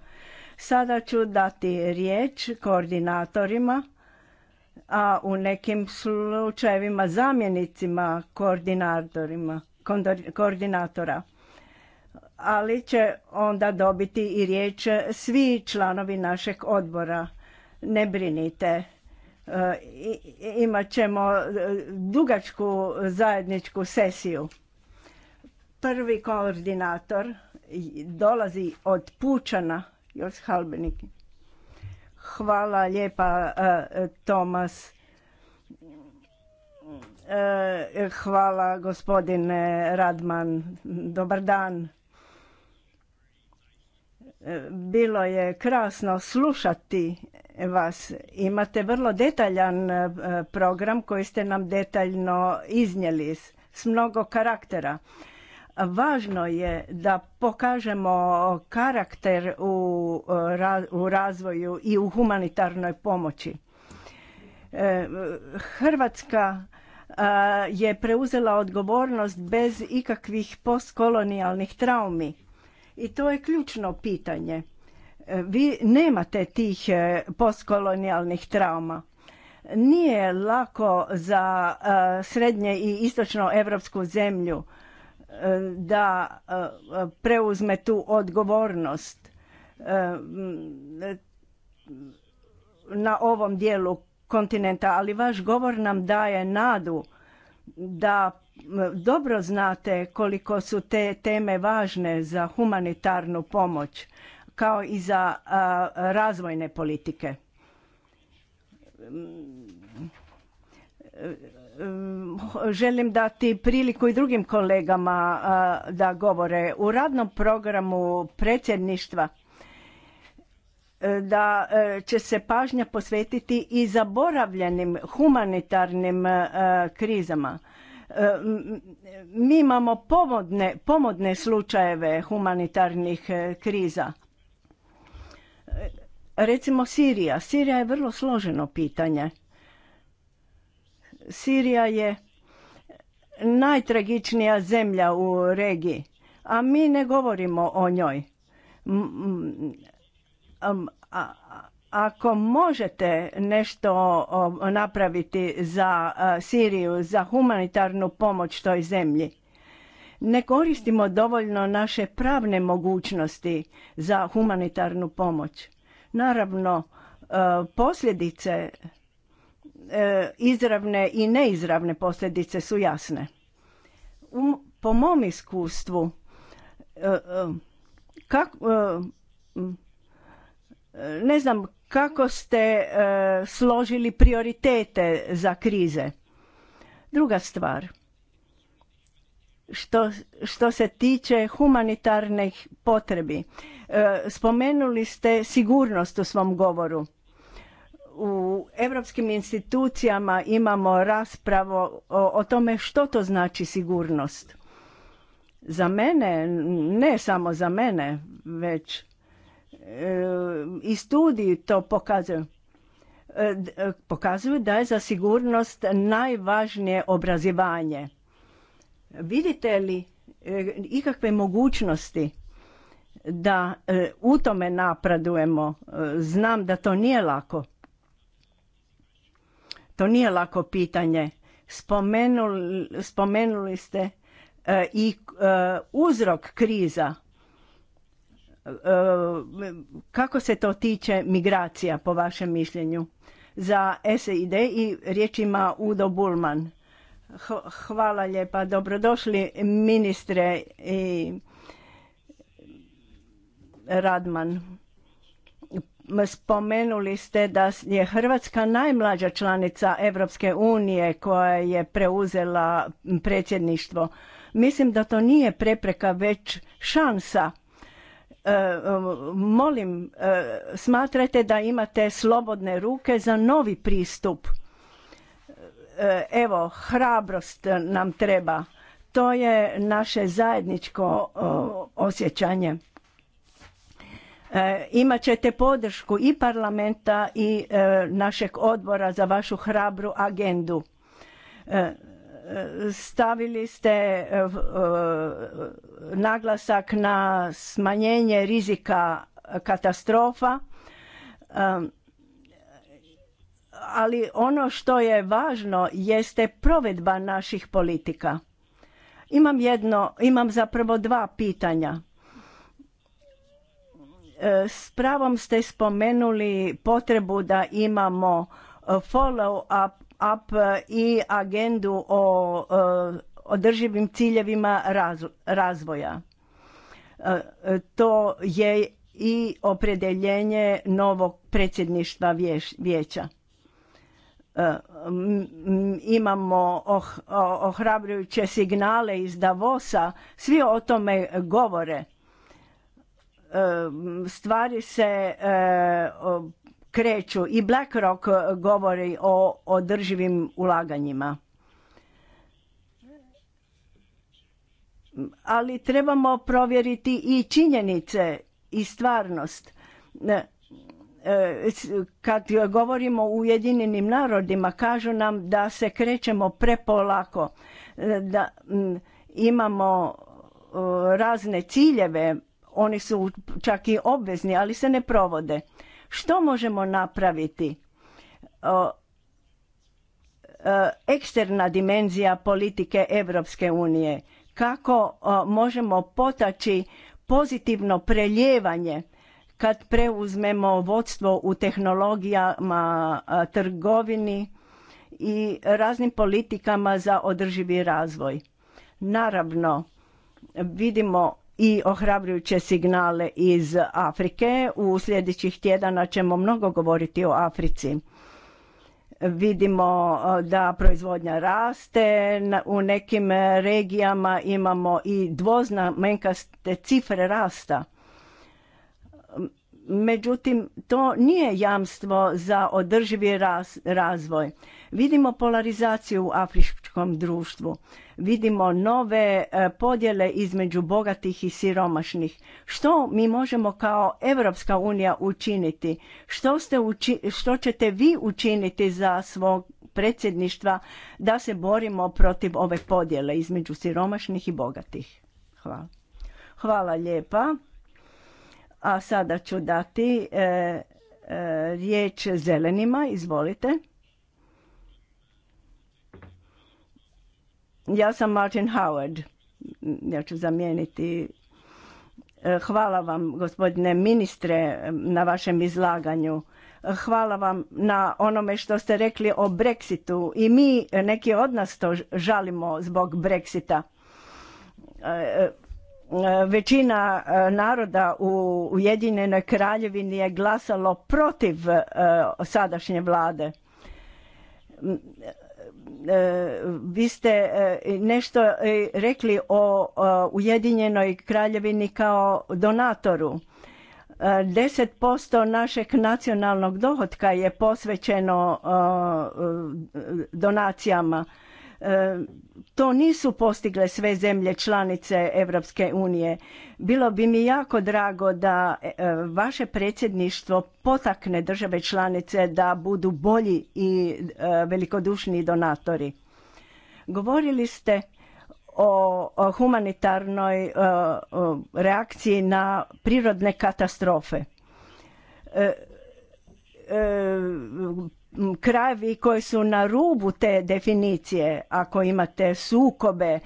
Sada ću dati riječ koordinatorima a u nekim slučajevima zamjenicima koordinatorima, koordinatora. Ali će onda dobiti i riječ svi članovi našeg odbora. Ne brinite, e, imat ćemo e, dugačku zajedničku sesiju. Prvi koordinator dolazi od Pučana, još Halbenik. Hvala lijepa e, Tomas. E, hvala gospodine Radman. Dobar dan. E, bilo je krasno slušati vas. Imate vrlo detaljan program koji ste nam detaljno iznijeli s mnogo karaktera. Važno je da pokažemo karakter u razvoju i u humanitarnoj pomoći. E, Hrvatska je preuzela odgovornost bez ikakvih postkolonijalnih traumi. I to je ključno pitanje. E, vi nemate tih e, postkolonijalnih trauma. Nije lako za srednje i istočno evropsku zemlju da e, preuzme tu odgovornost e, na ovom dijelu kontinenta, ali vaš govor nam daje nadu da dobro znate koliko su te teme važne za humanitarnu pomoć kao i za razvojne politike Eh, želim dati priliku i drugim kolegama eh, da govore. U radnom programu predsjedništva eh, da će se pažnja posvetiti i zaboravljenim humanitarnim krizama. Mi imamo pomodne, pomodne slučajeve humanitarnih kriza. Recimo Sirija. Sirija je vrlo složeno pitanje Sirija je najtragičnija zemlja u regiji, a mi ne govorimo o njoj. Ako možete nešto napraviti za Siriju, za humanitarnu pomoć toj zemlji, ne koristimo dovoljno naše pravne mogućnosti za humanitarnu pomoć. Naravno, e, posljedice E, izravne i neizravne posljedice su jasne. U, um, po mom iskustvu, e, e, kako, ne znam kako ste složili prioritete za krize. Druga stvar, što, što se tiče humanitarnih potrebi, spomenuli ste sigurnost u svom govoru u europskim institucijama imamo raspravu o, tome što to znači sigurnost. Za mene, ne samo za mene, već e, i studiji to pokazuju. E, e, pokazuju da je za sigurnost najvažnije obrazivanje. Vidite li ikakve mogućnosti da u tome napredujemo? Znam da to nije lako to nije lako pitanje. Spomenuli, ste e, i e, uzrok kriza. E, kako se to tiče migracija, po vašem mišljenju? Za SID i riječima Udo Bulman. Hvala lijepa. Dobrodošli ministre i Radman spomenuli ste da je Hrvatska najmlađa članica Europske unije koja je preuzela predsjedništvo. Mislim da to nije prepreka već šansa. E, molim, e, smatrate da imate slobodne ruke za novi pristup. E, evo, hrabrost nam treba. To je naše zajedničko osjećanje. E, imat ćete podršku i parlamenta i e, našeg odbora za vašu hrabru agendu. E, stavili ste naglasak na smanjenje rizika katastrofa, ali ono što je važno jeste provedba naših politika. Imam jedno, imam zapravo dva pitanja. E, s pravom ste spomenuli potrebu da imamo e, follow up, up i agendu o e, održivim ciljevima razvoja. To je i opredeljenje novog predsjedništva vijeća. Imamo oh, ohrabrujuće signale iz Davosa, svi o tome govore Eh, stvari se eh, kreću i BlackRock eh, govori o održivim ulaganjima. Ali trebamo provjeriti i činjenice i stvarnost. Kad govorimo o Ujedinjenim narodima, kažu nam da se krećemo prepolako, da mm, imamo razne ciljeve, oni su čak i obvezni, ali se ne provode. Što možemo napraviti? E, eksterna dimenzija politike Europske unije. Kako možemo potaći pozitivno preljevanje kad preuzmemo vodstvo u tehnologijama, trgovini i raznim politikama za održivi razvoj. Naravno, vidimo i ohrabrujuće signale iz Afrike. U sljedećih tjedana ćemo mnogo govoriti o Africi. Vidimo e, da proizvodnja raste, u nekim regijama imamo i dvoznamenkaste cifre rasta. Međutim, to nije jamstvo za održivi razvoj. Vidimo polarizaciju u kom društvu. Vidimo nove e, podjele između bogatih i siromašnih. Što mi možemo kao Europska unija učiniti? Što, ste što ćete vi učiniti za svog predsjedništva da se borimo protiv ove podjele između siromašnih i bogatih? Hvala. Hvala lijepa. A sada ću dati e, e riječ zelenima. Izvolite. Ja sam Martin Howard. Ja ću zamijeniti. E, hvala vam, gospodine ministre, na vašem izlaganju. Hvala vam na onome što ste rekli o Brexitu. I mi, neki od nas to žalimo zbog Brexita. E, e, većina naroda u Ujedinjenoj kraljevini je glasalo protiv sadašnje vlade E, vi ste e, nešto e, rekli o Ujedinjenoj kraljevini kao donatoru. 10% našeg nacionalnog dohotka je posvećeno donacijama E, to nisu postigle sve zemlje članice Europske unije. Bilo bi mi jako drago da e, vaše predsjedništvo potakne države članice da budu bolji i e, velikodušni donatori. Govorili ste o humanitarnoj reakciji na prirodne katastrofe krajevi koji su na rubu te definicije, ako imate sukobe, e,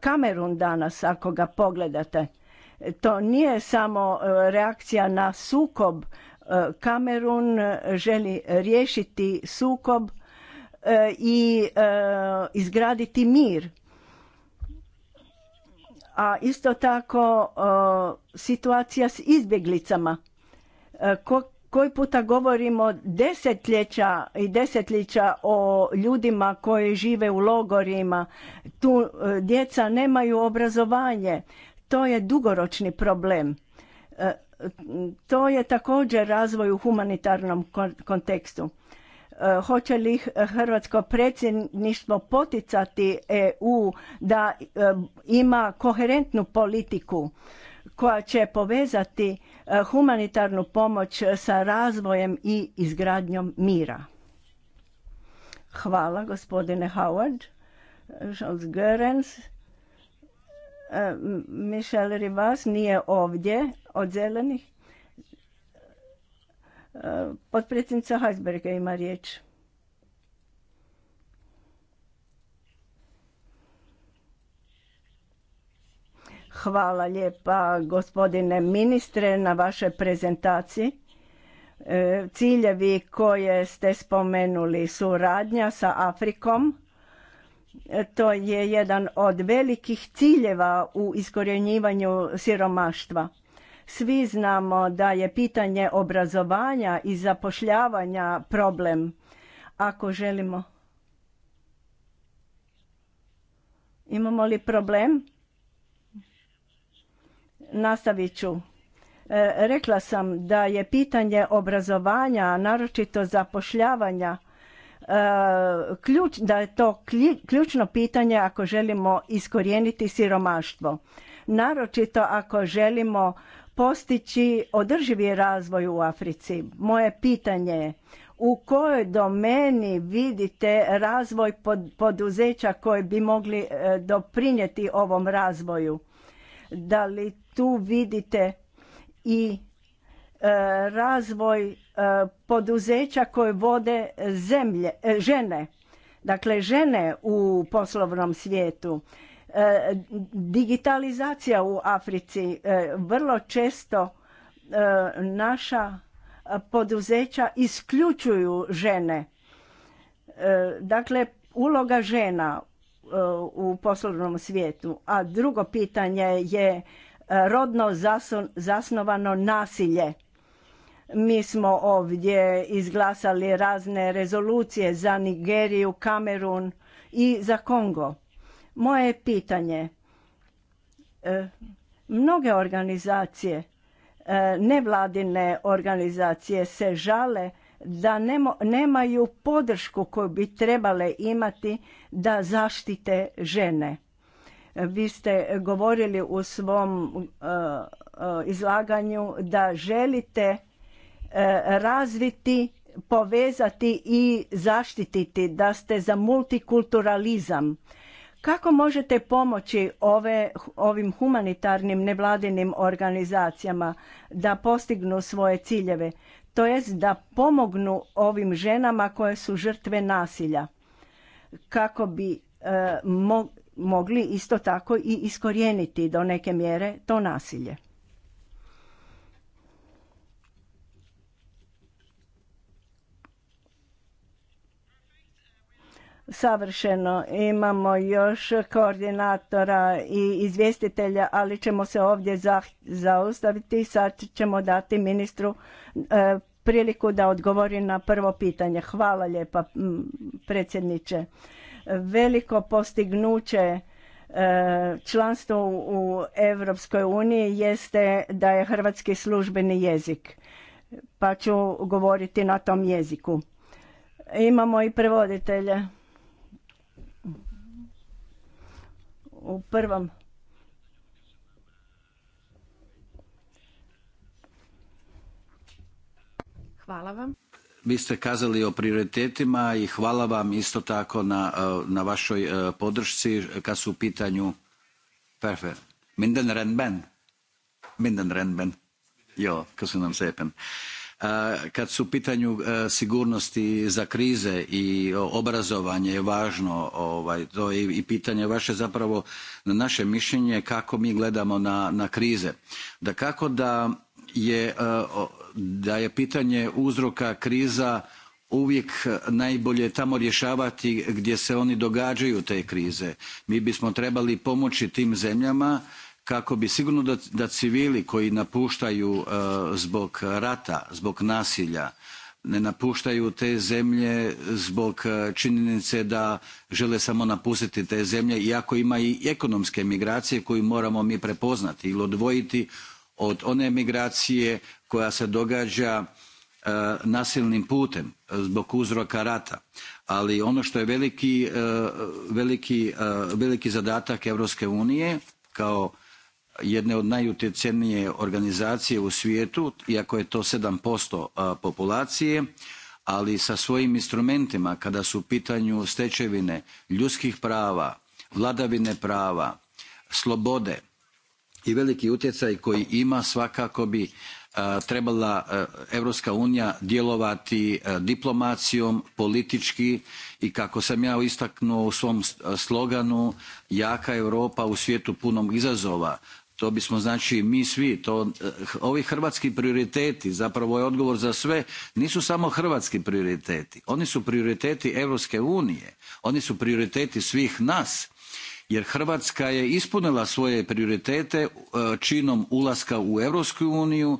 Kamerun danas ako ga pogledate, to nije samo e, reakcija na sukob, e, Kamerun želi riješiti sukob i izgraditi mir. A isto tako situacija s izbjeglicama koji puta govorimo desetljeća i desetljeća o ljudima koji žive u logorima, tu e, djeca nemaju obrazovanje, to je dugoročni problem. E, to je također razvoj u humanitarnom kontekstu. E, hoće li Hrvatsko predsjedništvo poticati EU da ima koherentnu politiku koja će povezati e, humanitarnu pomoć sa razvojem i izgradnjom mira. Hvala gospodine Howard, Charles Görens, e, Michel Rivas nije ovdje od zelenih. E, potpredsjednica Heisberga ima riječ. Hvala lijepa gospodine ministre na vašoj prezentaciji. E, ciljevi koje ste spomenuli suradnja sa Afrikom. E, to je jedan od velikih ciljeva u iskorjenjivanju siromaštva. Svi znamo da je pitanje obrazovanja i zapošljavanja problem. Ako želimo Imamo li problem? Nastavit ću. E, rekla sam da je pitanje obrazovanja, naročito zapošljavanja, e, da je to ključno pitanje ako želimo iskorijeniti siromaštvo. Naročito ako želimo postići održivi razvoj u Africi. Moje pitanje je u kojoj domeni vidite razvoj poduzeća koje bi mogli e, doprinijeti ovom razvoju? Da li tu vidite i e, razvoj e, poduzeća koje vode zemlje, e, žene. Dakle, žene u poslovnom svijetu. Digitalizacija u Africi. Vrlo često naša poduzeća isključuju žene. Dakle, uloga žena u poslovnom svijetu. A drugo pitanje je rodno zasnovano nasilje. Mi smo ovdje izglasali razne rezolucije za Nigeriju, Kamerun i za Kongo. Moje pitanje, e, mnoge organizacije, e, nevladine organizacije se žale da nemaju podršku koju bi trebale imati da zaštite žene vi ste govorili u svom e, e, izlaganju da želite e, razviti, povezati i zaštititi, da ste za multikulturalizam. Kako možete pomoći ove, ovim humanitarnim nevladinim organizacijama da postignu svoje ciljeve, to jest da pomognu ovim ženama koje su žrtve nasilja, kako bi e, mogli isto tako i iskorijeniti do neke mjere to nasilje. Savršeno, imamo još koordinatora i izvjestitelja, ali ćemo se ovdje za, zaustaviti. Sad ćemo dati ministru e, priliku da odgovori na prvo pitanje. Hvala lijepa predsjedniče veliko postignuće e, članstvo u Europskoj uniji jeste da je hrvatski službeni jezik, pa ću govoriti na tom jeziku. Imamo i prevoditelje. U prvom. Hvala vam vi ste kazali o prioritetima i hvala vam isto tako na, e, vašoj e, podršci kad su u pitanju Perfekt. Minden e, Kad su u pitanju sigurnosti za krize i obrazovanje je važno, ovaj, to je i pitanje vaše zapravo na naše mišljenje kako mi gledamo na, na krize. Da kako da je e, da je pitanje uzroka kriza uvijek najbolje tamo rješavati gdje se oni događaju te krize. Mi bismo trebali pomoći tim zemljama kako bi sigurno da, civili koji napuštaju e, zbog rata, zbog nasilja, ne napuštaju te zemlje zbog e, činjenice da žele samo napustiti te zemlje iako ima i ekonomske migracije koju moramo mi prepoznati ili odvojiti od one migracije koja se događa e, nasilnim putem zbog uzroka rata ali ono što je veliki, e, e, zadatak europske unije kao jedne od najutjecajnije organizacije u svijetu iako je to posto populacije ali sa svojim instrumentima kada su u pitanju stečevine ljudskih prava vladavine prava slobode i veliki utjecaj koji ima svakako bi e, trebala Europska unija djelovati e, diplomacijom, politički i kako sam ja istaknuo u svom e, sloganu jaka Europa u svijetu punom izazova. To bismo znači mi svi, to, ovi hrvatski prioriteti zapravo je odgovor za sve, nisu samo hrvatski prioriteti, oni su prioriteti Europske unije, oni su prioriteti svih nas jer Hrvatska je ispunila svoje prioritete e, činom ulaska u Europsku uniju,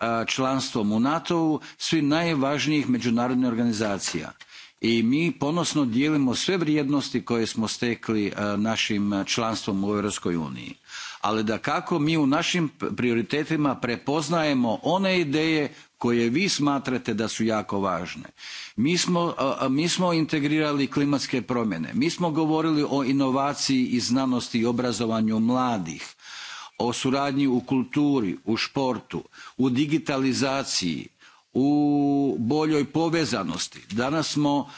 e, članstvom u NATO-u, svih najvažnijih međunarodnih organizacija. I mi ponosno dijelimo sve vrijednosti koje smo stekli e, našim članstvom u Europskoj uniji. Ali dakako mi u našim prioritetima prepoznajemo one ideje koje vi smatrate da su jako važne. Mi smo, integrirali klimatske promjene, mi smo govorili o inovaciji i znanosti i obrazovanju mladih, o suradnji u kulturi, u športu, u digitalizaciji, u boljoj povezanosti. Danas smo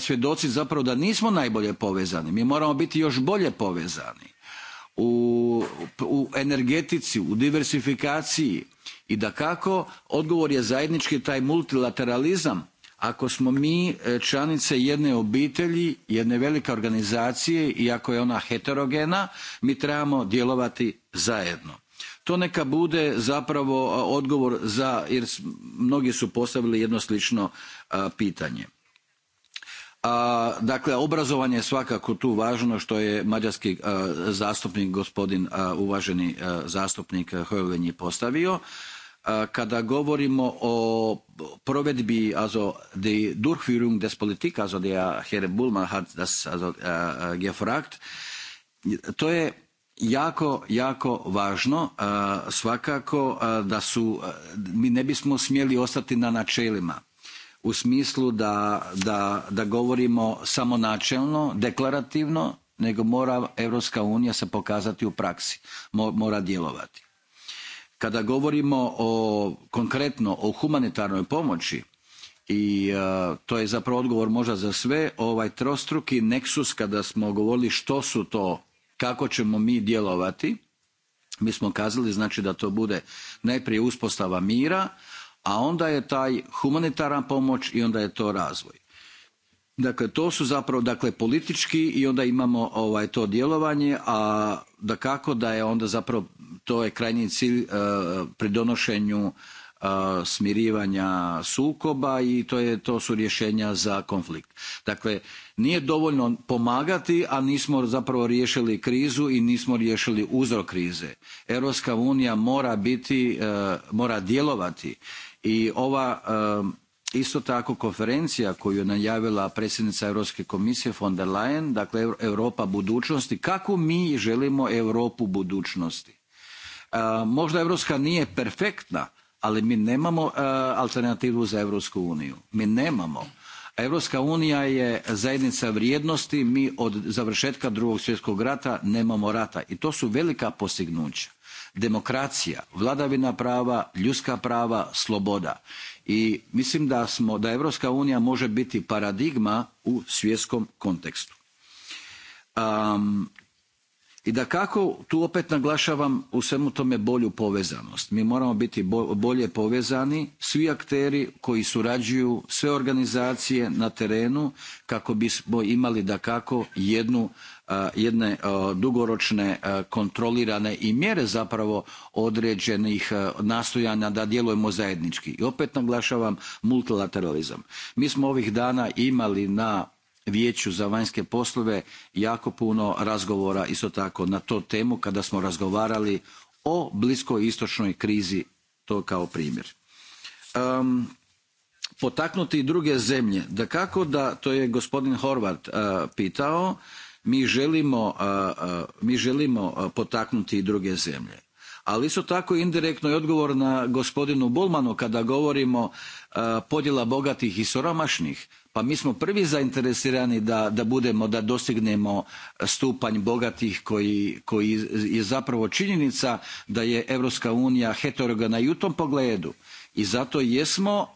svjedoci zapravo da nismo najbolje povezani, mi moramo biti još bolje povezani u, energetici u diversifikaciji i dakako odgovor je zajednički taj multilateralizam ako smo mi e, članice jedne obitelji jedne velike organizacije i ako je ona heterogena mi trebamo djelovati zajedno to neka bude zapravo odgovor za jer mnogi su postavili jedno slično pitanje a, dakle obrazovanje je svakako tu važno što je mađarski zastupnik gospodin uvaženi zastupnik i postavio kada govorimo o provedbi also die Durchführung des Politik also der Herr Bullmann hat das also gefragt to je jako jako važno svakako da su mi ne bismo smjeli ostati na načelima u smislu da, govorimo samo načelno, deklarativno, nego mora Europska unija se pokazati u praksi, mora djelovati. Kada govorimo o, konkretno o humanitarnoj pomoći, i e, to je zapravo odgovor možda za sve, ovaj trostruki neksus kada smo govorili što su to, kako ćemo mi djelovati, mi smo kazali znači da to bude najprije uspostava mira, a onda je taj humanitarna pomoć i onda je to razvoj. Dakle, to su zapravo dakle, politički i onda imamo ovaj, to djelovanje, a kako da je onda zapravo to je krajnji cilj e, pri donošenju e, smirivanja sukoba i to, je, to su rješenja za konflikt. Dakle, nije dovoljno pomagati, a nismo zapravo riješili krizu i nismo riješili uzrok krize. Europska unija mora biti, e, mora djelovati i ova isto tako konferencija koju je najavila predsjednica Europske komisije von der Leyen, dakle Europa budućnosti, kako mi želimo Europu budućnosti. Možda Europska nije perfektna, ali mi nemamo e, alternativu za Europsku uniju. Mi nemamo. Europska unija je zajednica vrijednosti, mi od završetka drugog svjetskog rata nemamo rata i to su velika postignuća demokracija vladavina prava ljudska prava sloboda i mislim da smo da europska unija može biti paradigma u svjetskom kontekstu i dakako tu opet naglašavam u svemu tome bolju povezanost mi moramo biti bolje povezani svi akteri koji surađuju sve organizacije na terenu kako bismo imali dakako jednu E, jedne e, dugoročne e, kontrolirane i mjere zapravo određenih nastojanja da djelujemo zajednički. I opet naglašavam multilateralizam. Mi smo ovih dana imali na vijeću za vanjske poslove jako puno razgovora isto tako na tu temu kada smo razgovarali o bliskoistočnoj krizi to kao primjer. Potaknuti i druge zemlje dakako da to je gospodin horvat pitao mi želimo, mi želimo potaknuti i druge zemlje ali isto tako indirektno je odgovor na gospodinu Bulmanu kada govorimo podjela bogatih i siromašnih. Pa mi smo prvi zainteresirani da, da budemo, da dostignemo stupanj bogatih koji, je zapravo činjenica da je Europska unija heterogena i u tom pogledu. I zato jesmo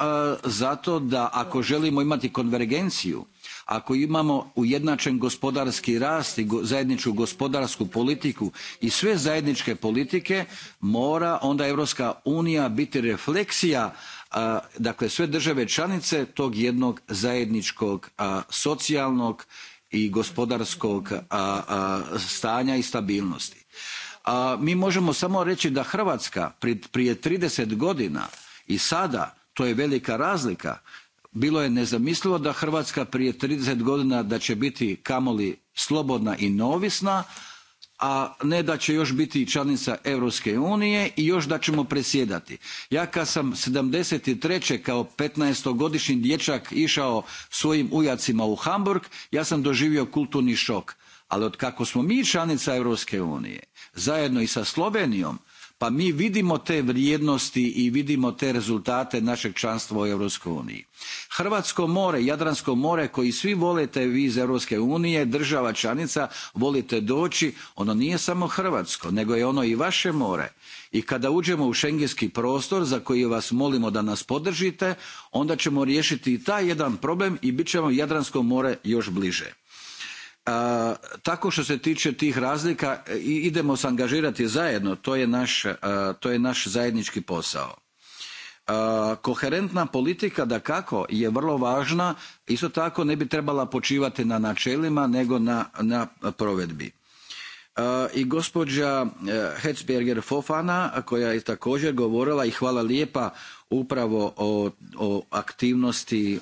zato da ako želimo imati konvergenciju ako imamo ujednačen gospodarski rast i zajedničku gospodarsku politiku i sve zajedničke politike mora onda europska unija biti refleksija dakle sve države članice tog jednog zajedničkog socijalnog i gospodarskog stanja i stabilnosti. mi možemo samo reći da hrvatska prije trideset godina i sada to je velika razlika bilo je nezamislivo da Hrvatska prije 30 godina da će biti kamoli slobodna i neovisna, a ne da će još biti članica Europske unije i još da ćemo predsjedati. Ja kad sam 73. kao 15-godišnji dječak išao svojim ujacima u Hamburg, ja sam doživio kulturni šok. Ali od kako smo mi članica Europske unije, zajedno i sa Slovenijom, pa mi vidimo te vrijednosti i vidimo te rezultate našeg članstva u europskoj uniji hrvatsko more jadransko more koji svi volite vi iz europske unije država članica volite doći ono nije samo hrvatsko nego je ono i vaše more i kada uđemo u schengenski prostor za koji vas molimo da nas podržite onda ćemo riješiti i taj jedan problem i bit ćemo jadransko more još bliže tako što se tiče tih razlika idemo se angažirati zajedno to je naš, to zajednički posao koherentna politika dakako je vrlo važna isto tako ne bi trebala počivati na načelima nego na, provedbi i gospođa e, Hetzberger Fofana koja je također govorila i hvala lijepa upravo o, aktivnosti e,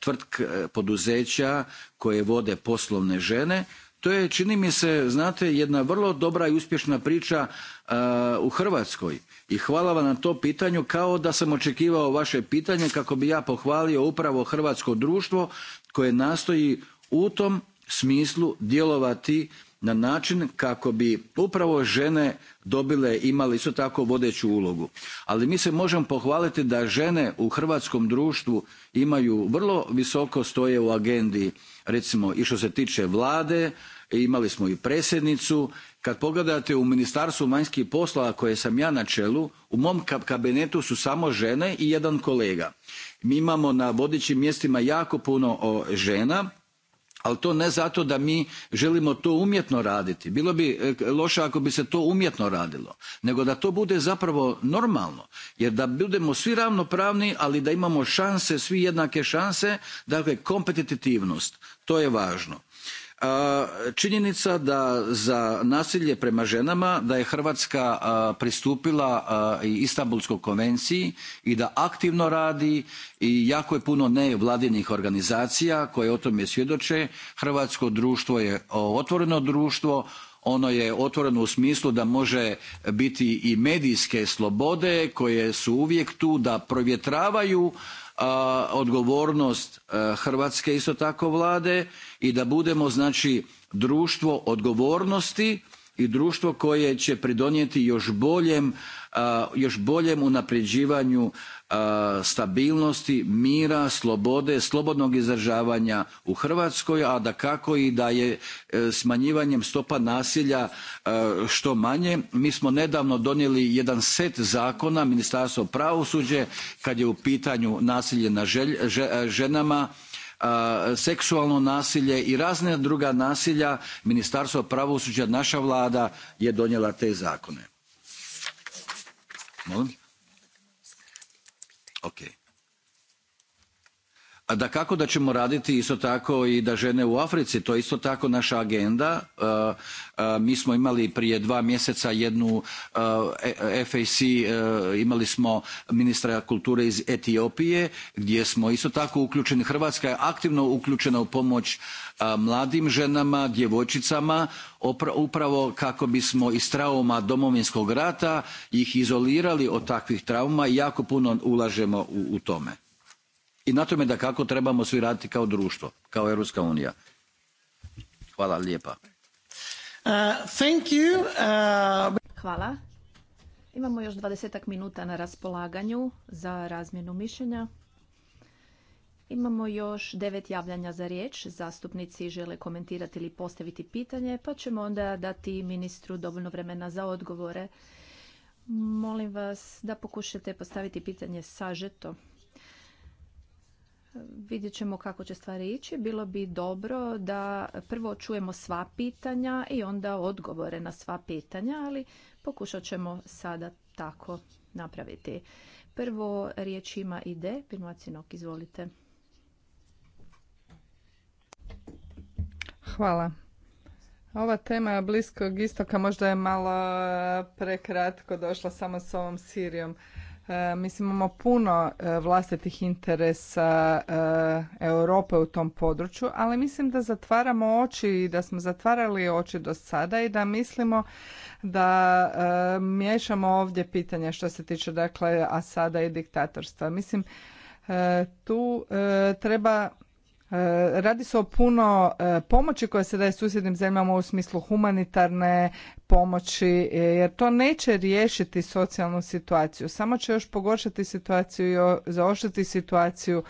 tvrtki e, poduzeća koje vode poslovne žene to je čini mi se znate jedna vrlo dobra i uspješna priča e, u hrvatskoj i hvala vam na to pitanju kao da sam očekivao vaše pitanje kako bi ja pohvalio upravo hrvatsko društvo koje nastoji u tom smislu djelovati na način kako bi upravo žene dobile imale isto tako vodeću ulogu ali mi se možemo pohvaliti da žene u hrvatskom društvu imaju vrlo visoko stoje u agendi recimo i što se tiče vlade imali smo i predsjednicu kad pogledate u ministarstvu vanjskih poslova koje sam ja na čelu u mom kabinetu su samo žene i jedan kolega mi imamo na vodećim mjestima jako puno žena ali to ne zato da mi želimo to umjetno raditi bilo bi e, loše ako bi se to umjetno radilo nego da to bude zapravo normalno jer da budemo svi ravnopravni ali da imamo šanse svi jednake šanse dakle kompetitivnost to je važno činjenica da za nasilje prema ženama da je hrvatska pristupila i istanbulskoj konvenciji i da aktivno radi i jako je puno nevladinih organizacija koje o tome svjedoče hrvatsko društvo je otvoreno društvo ono je otvoreno u smislu da može biti i medijske slobode koje su uvijek tu da provjetravaju odgovornost hrvatske isto tako vlade i da budemo znači društvo odgovornosti i društvo koje će pridonijeti još boljem, još boljem unapređivanju stabilnosti, mira, slobode, slobodnog izražavanja u Hrvatskoj, a dakako i da je e, smanjivanjem stopa nasilja e, što manje. Mi smo nedavno donijeli jedan set zakona, Ministarstvo pravosuđe, kad je u pitanju nasilje na ženama, seksualno nasilje i razna druga nasilja ministarstvo pravosuđa naša vlada je donijela te zakone. Molim? dakako da ćemo raditi isto tako i da žene u Africi, to je isto tako naša agenda. E, e, mi smo imali prije dva mjeseca jednu e, FAC, imali smo ministra kulture iz Etiopije gdje smo isto tako uključeni, Hrvatska je aktivno uključena u pomoć mladim ženama, djevojčicama upravo kako bismo iz trauma Domovinskog rata ih izolirali od takvih trauma i jako puno ulažemo u tome i na tome dakako trebamo svi raditi kao društvo kao europska unija. hvala lijepa. Uh, uh, hvala. imamo još dvadesetak minuta na raspolaganju za razmjenu mišljenja. Imamo još devet javljanja za riječ. Zastupnici žele komentirati ili postaviti pitanje, pa ćemo onda dati ministru dovoljno vremena za odgovore. Molim vas da pokušate postaviti pitanje sažeto Vidjet ćemo kako će stvari ići. Bilo bi dobro da prvo čujemo sva pitanja i onda odgovore na sva pitanja, ali pokušat ćemo sada tako napraviti. Prvo riječ ima ide. Pirmacinok, izvolite. Hvala. Ova tema Bliskog istoka možda je malo prekratko došla samo s ovom Sirijom. E, mislim, imamo puno e, vlastitih interesa e, Europe u tom području, ali mislim da zatvaramo oči i da smo zatvarali oči do sada i da mislimo da miješamo ovdje pitanja što se tiče dakle Asada i diktatorstva. Mislim, tu treba E, radi se o puno e, pomoći koja se daje susjednim zemljama u smislu humanitarne pomoći, e, jer to neće riješiti socijalnu situaciju. Samo će još pogoršati situaciju i zaoštriti situaciju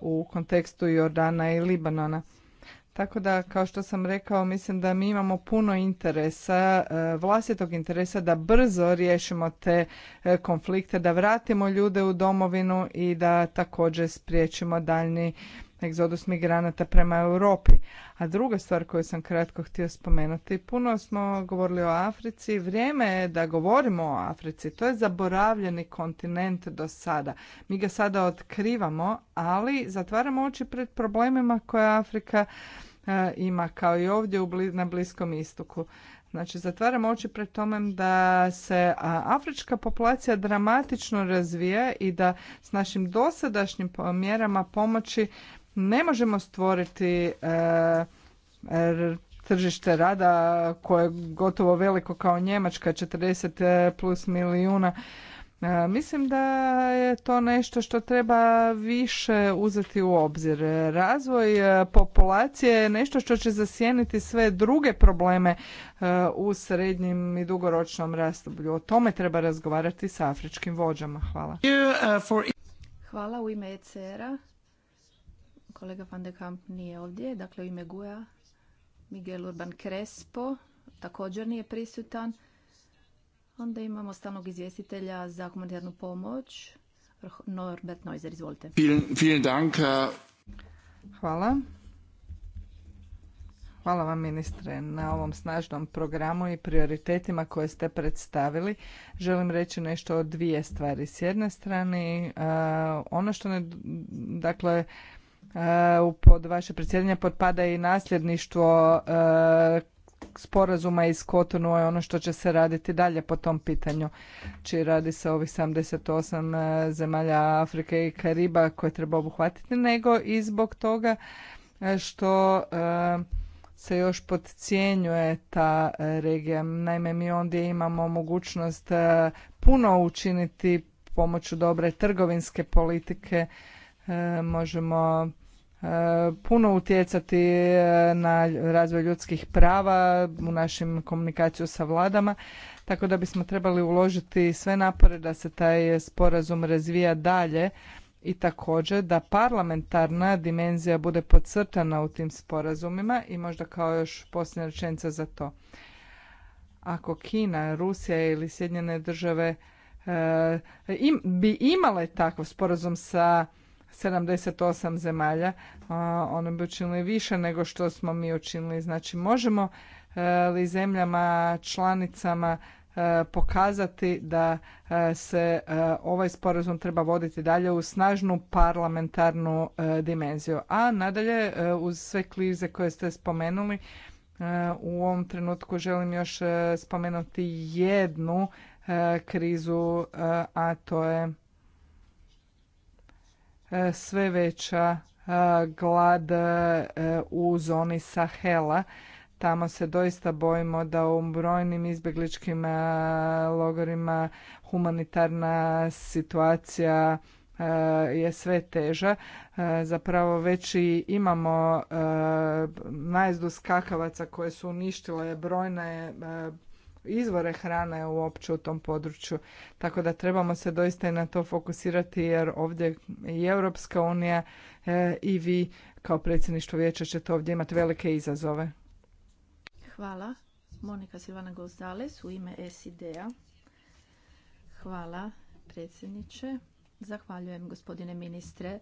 u kontekstu Jordana i Libanona. Tako da, kao što sam rekao, mislim da mi imamo puno interesa, e, vlastitog interesa da brzo riješimo te e, konflikte, da vratimo ljude u domovinu i da također spriječimo daljni egzodus migranata prema Europi. A druga stvar koju sam kratko htio spomenuti, puno smo govorili o Africi, vrijeme je da govorimo o Africi. To je zaboravljeni kontinent do sada. Mi ga sada otkrivamo, ali zatvaramo oči pred problemima koje Afrika ima kao i ovdje na Bliskom istoku. Znači, zatvaramo oči pred tome da se afrička populacija dramatično razvija i da s našim dosadašnjim mjerama pomoći ne možemo stvoriti e, tržište rada koje je gotovo veliko kao Njemačka, 40 e, plus milijuna E, mislim da je to nešto što treba više uzeti u obzir. Razvoj e, populacije je nešto što će zasjeniti sve druge probleme e, u srednjem i dugoročnom rastoblju. O tome treba razgovarati sa afričkim vođama. Hvala. Hvala u ime ECR-a. Kolega Van de Kamp nije ovdje. Dakle, u ime Guja Miguel Urban Crespo također nije prisutan. Onda imamo stalnog izvjestitelja za humanitarnu pomoć. Norbert Neuser, izvolite. Hvala. Hvala vam ministre na ovom snažnom programu i prioritetima koje ste predstavili. Želim reći nešto o dvije stvari. S jedne strane, e, ono što ne, dakle, e, pod vaše predsjedanje podpada i nasljedništvo e, sporazuma iz Kotonu je ono što će se raditi dalje po tom pitanju. Či radi se ovih 78 e, zemalja Afrike i Kariba koje treba obuhvatiti, nego i zbog toga e, što e, se još podcijenjuje ta regija. Naime, mi ondje imamo mogućnost puno učiniti pomoću dobre trgovinske politike. Možemo puno utjecati e, na razvoj ljudskih prava u našim komunikaciju sa vladama, tako da bismo trebali uložiti sve napore da se taj sporazum razvija dalje i također da parlamentarna dimenzija bude podcrtana u tim sporazumima i možda kao još posljednja rečenica za to. Ako Kina, Rusija ili Sjedinjene države e, bi imale takav sporazum sa 78 zemalja, one bi učinili više nego što smo mi učinili. Znači možemo e, li zemljama članicama e, pokazati da e, se ovaj sporazum treba voditi dalje u snažnu parlamentarnu dimenziju. A nadalje, uz sve klize koje ste spomenuli, u ovom trenutku želim još spomenuti jednu krizu, a to je E, sve veća e, glad e, u zoni Sahela. Tamo se doista bojimo da u brojnim izbjegličkim logorima humanitarna situacija je sve teža. Zapravo već i imamo najezdu skakavaca koje su uništile brojne izvore hrane uopće u tom području. Tako da trebamo se doista i na to fokusirati jer ovdje i Europska unija e, i vi kao predsjedništvo vijeća ćete ovdje imati velike izazove. Hvala. Monika Silvana Gozdales u ime SID-a. Hvala predsjedniče. Zahvaljujem gospodine ministre.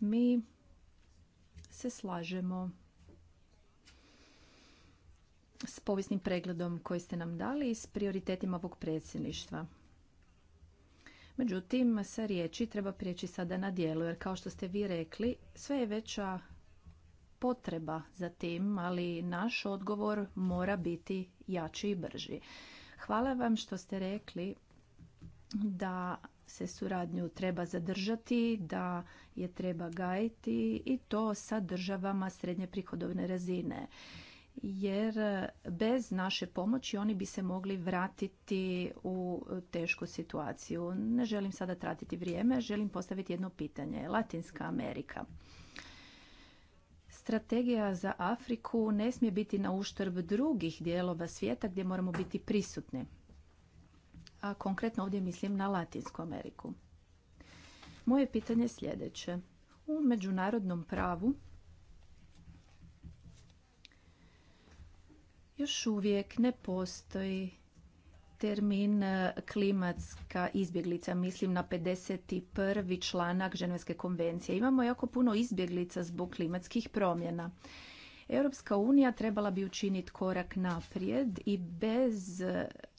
Mi se slažemo s povijesnim pregledom koji ste nam dali i s prioritetima ovog predsjedništva. Međutim, sa riječi treba prijeći sada na dijelu, jer kao što ste vi rekli, sve je veća potreba za tim, ali naš odgovor mora biti jači i brži. Hvala vam što ste rekli da se suradnju treba zadržati, da je treba gajiti i to sa državama srednje prihodovne razine jer e, bez naše pomoći oni bi se mogli vratiti u tešku situaciju. Ne želim sada tratiti vrijeme, želim postaviti jedno pitanje. Latinska Amerika. Strategija za Afriku ne smije biti na uštrb drugih dijelova svijeta gdje moramo biti prisutni. A konkretno ovdje mislim na Latinsku Ameriku. Moje pitanje je sljedeće. U međunarodnom pravu još uvijek ne postoji termin e, klimatska izbjeglica, mislim na 51. članak Ženevske konvencije. Imamo jako puno izbjeglica zbog klimatskih promjena. Europska unija trebala bi učiniti korak naprijed i bez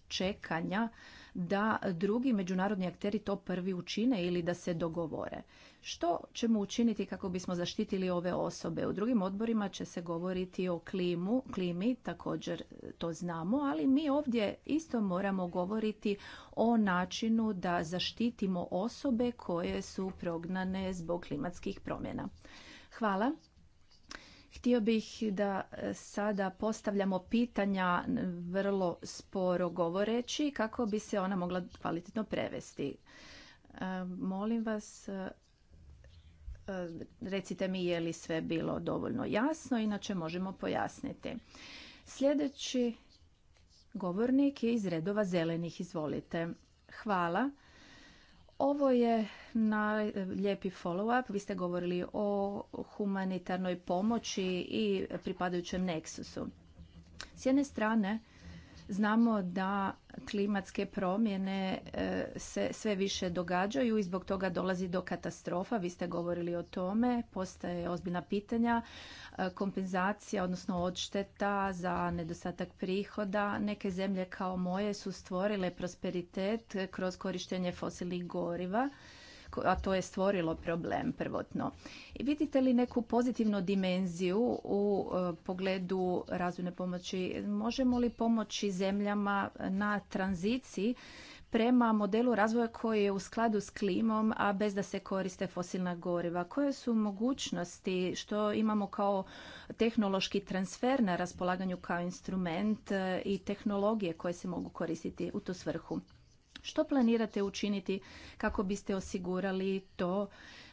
čekanja da drugi međunarodni akteri to prvi učine ili da se dogovore. Što ćemo učiniti kako bismo zaštitili ove osobe? U drugim odborima će se govoriti o klimu, klimi, također to znamo, ali mi ovdje isto moramo govoriti o načinu da zaštitimo osobe koje su prognane zbog klimatskih promjena. Hvala. Htio bih da sada postavljamo pitanja vrlo sporo govoreći kako bi se ona mogla kvalitetno prevesti. E, molim vas E, recite mi je li sve bilo dovoljno jasno, inače možemo pojasniti. Sljedeći govornik je iz redova zelenih, izvolite. Hvala. Ovo je najljepi follow-up. Vi ste govorili o humanitarnoj pomoći i pripadajućem neksusu. S jedne strane, Znamo da klimatske promjene e, se sve više događaju i zbog toga dolazi do katastrofa. Vi ste govorili o tome, postaje ozbiljna pitanja, e, kompenzacija, odnosno odšteta za nedostatak prihoda. Neke zemlje kao moje su stvorile prosperitet kroz korištenje fosilnih goriva a to je stvorilo problem prvotno. I vidite li neku pozitivnu dimenziju u e, pogledu razvojne pomoći? Možemo li pomoći zemljama na tranziciji prema modelu razvoja koji je u skladu s klimom, a bez da se koriste fosilna goriva. Koje su mogućnosti što imamo kao tehnološki transfer na raspolaganju kao instrument e, i tehnologije koje se mogu koristiti u tu svrhu? Što planirate učiniti kako biste osigurali to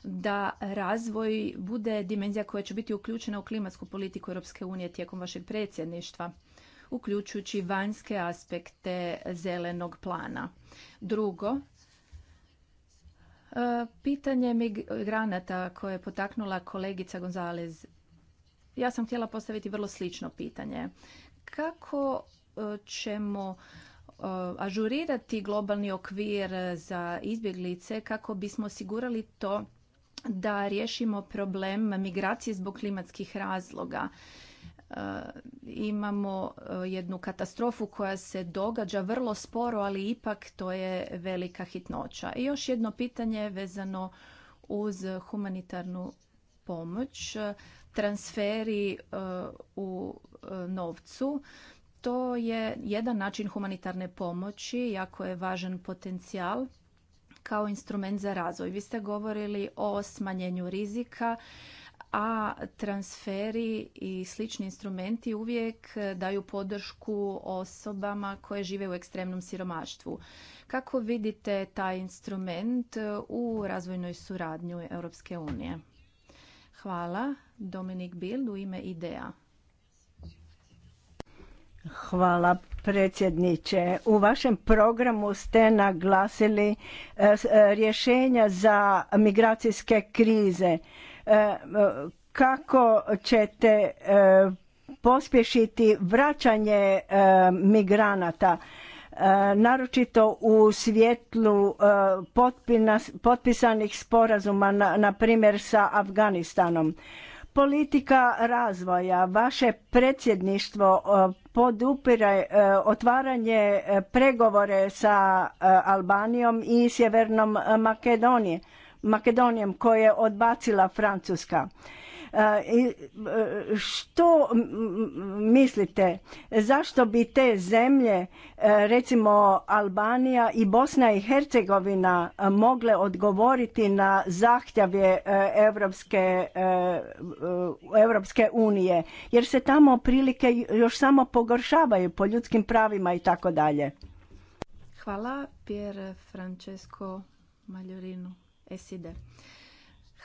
da razvoj bude dimenzija koja će biti uključena u klimatsku politiku Europske unije tijekom vašeg predsjedništva? uključujući vanjske aspekte zelenog plana. Drugo, e, pitanje migranata koje je potaknula kolegica Gonzalez. Ja sam htjela postaviti vrlo slično pitanje. Kako e, ćemo E, ažurirati globalni okvir za izbjeglice kako bismo osigurali to da riješimo problem migracije zbog klimatskih razloga. E, imamo e, jednu katastrofu koja se događa vrlo sporo, ali ipak to je velika hitnoća. I još jedno pitanje vezano uz humanitarnu pomoć, transferi u novcu to je jedan način humanitarne pomoći, jako je važan potencijal kao instrument za razvoj. Vi ste govorili o smanjenju rizika, a transferi i slični instrumenti uvijek daju podršku osobama koje žive u ekstremnom siromaštvu. Kako vidite taj instrument u razvojnoj suradnju Europske unije? Hvala. Dominik Bild u ime IDEA. Hvala predsjedniče. U vašem programu ste naglasili e, e, rješenja za migracijske krize. E, kako ćete pospješiti vraćanje migranata? naročito u svjetlu potpisanih sporazuma na primjer sa Afganistanom politika razvoja vaše predsjedništvo e, podupire e, otvaranje e, pregovore sa Albanijom i Sjevernom Makedonijom Makedonijom koje je odbacila Francuska E, što mislite, zašto bi te zemlje, e, recimo Albanija i Bosna i Hercegovina, e, mogle odgovoriti na zahtjeve Evropske, Evropske unije, jer se tamo prilike još samo pogoršavaju po ljudskim pravima i tako dalje? Hvala, Pier Francesco Maljorinu, SID.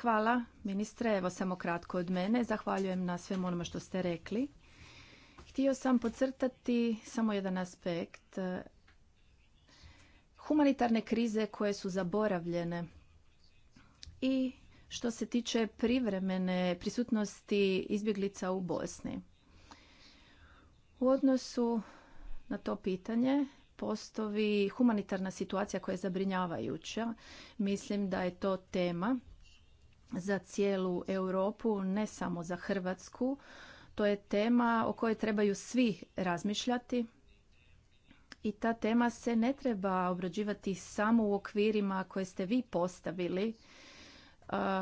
Hvala ministre, evo samo kratko od mene. Zahvaljujem na svemu onome što ste rekli. Htio sam podcrtati samo jedan aspekt. E, humanitarne krize koje su zaboravljene i što se tiče privremene prisutnosti izbjeglica u Bosni. U odnosu na to pitanje postovi humanitarna situacija koja je zabrinjavajuća. Mislim da je to tema za cijelu Europu, ne samo za Hrvatsku. To je tema o kojoj trebaju svi razmišljati i ta tema se ne treba obrađivati samo u okvirima koje ste vi postavili,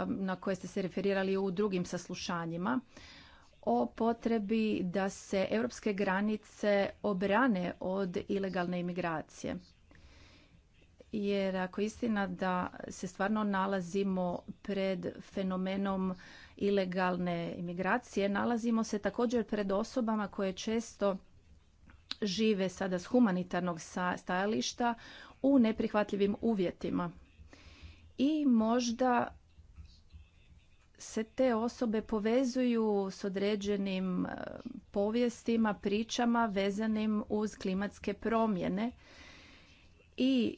na koje ste se referirali u drugim saslušanjima, o potrebi da se europske granice obrane od ilegalne imigracije jer ako je istina da se stvarno nalazimo pred fenomenom ilegalne imigracije, nalazimo se također pred osobama koje često žive sada s humanitarnog stajališta u neprihvatljivim uvjetima. I možda se te osobe povezuju s određenim e, povijestima, pričama vezanim uz klimatske promjene i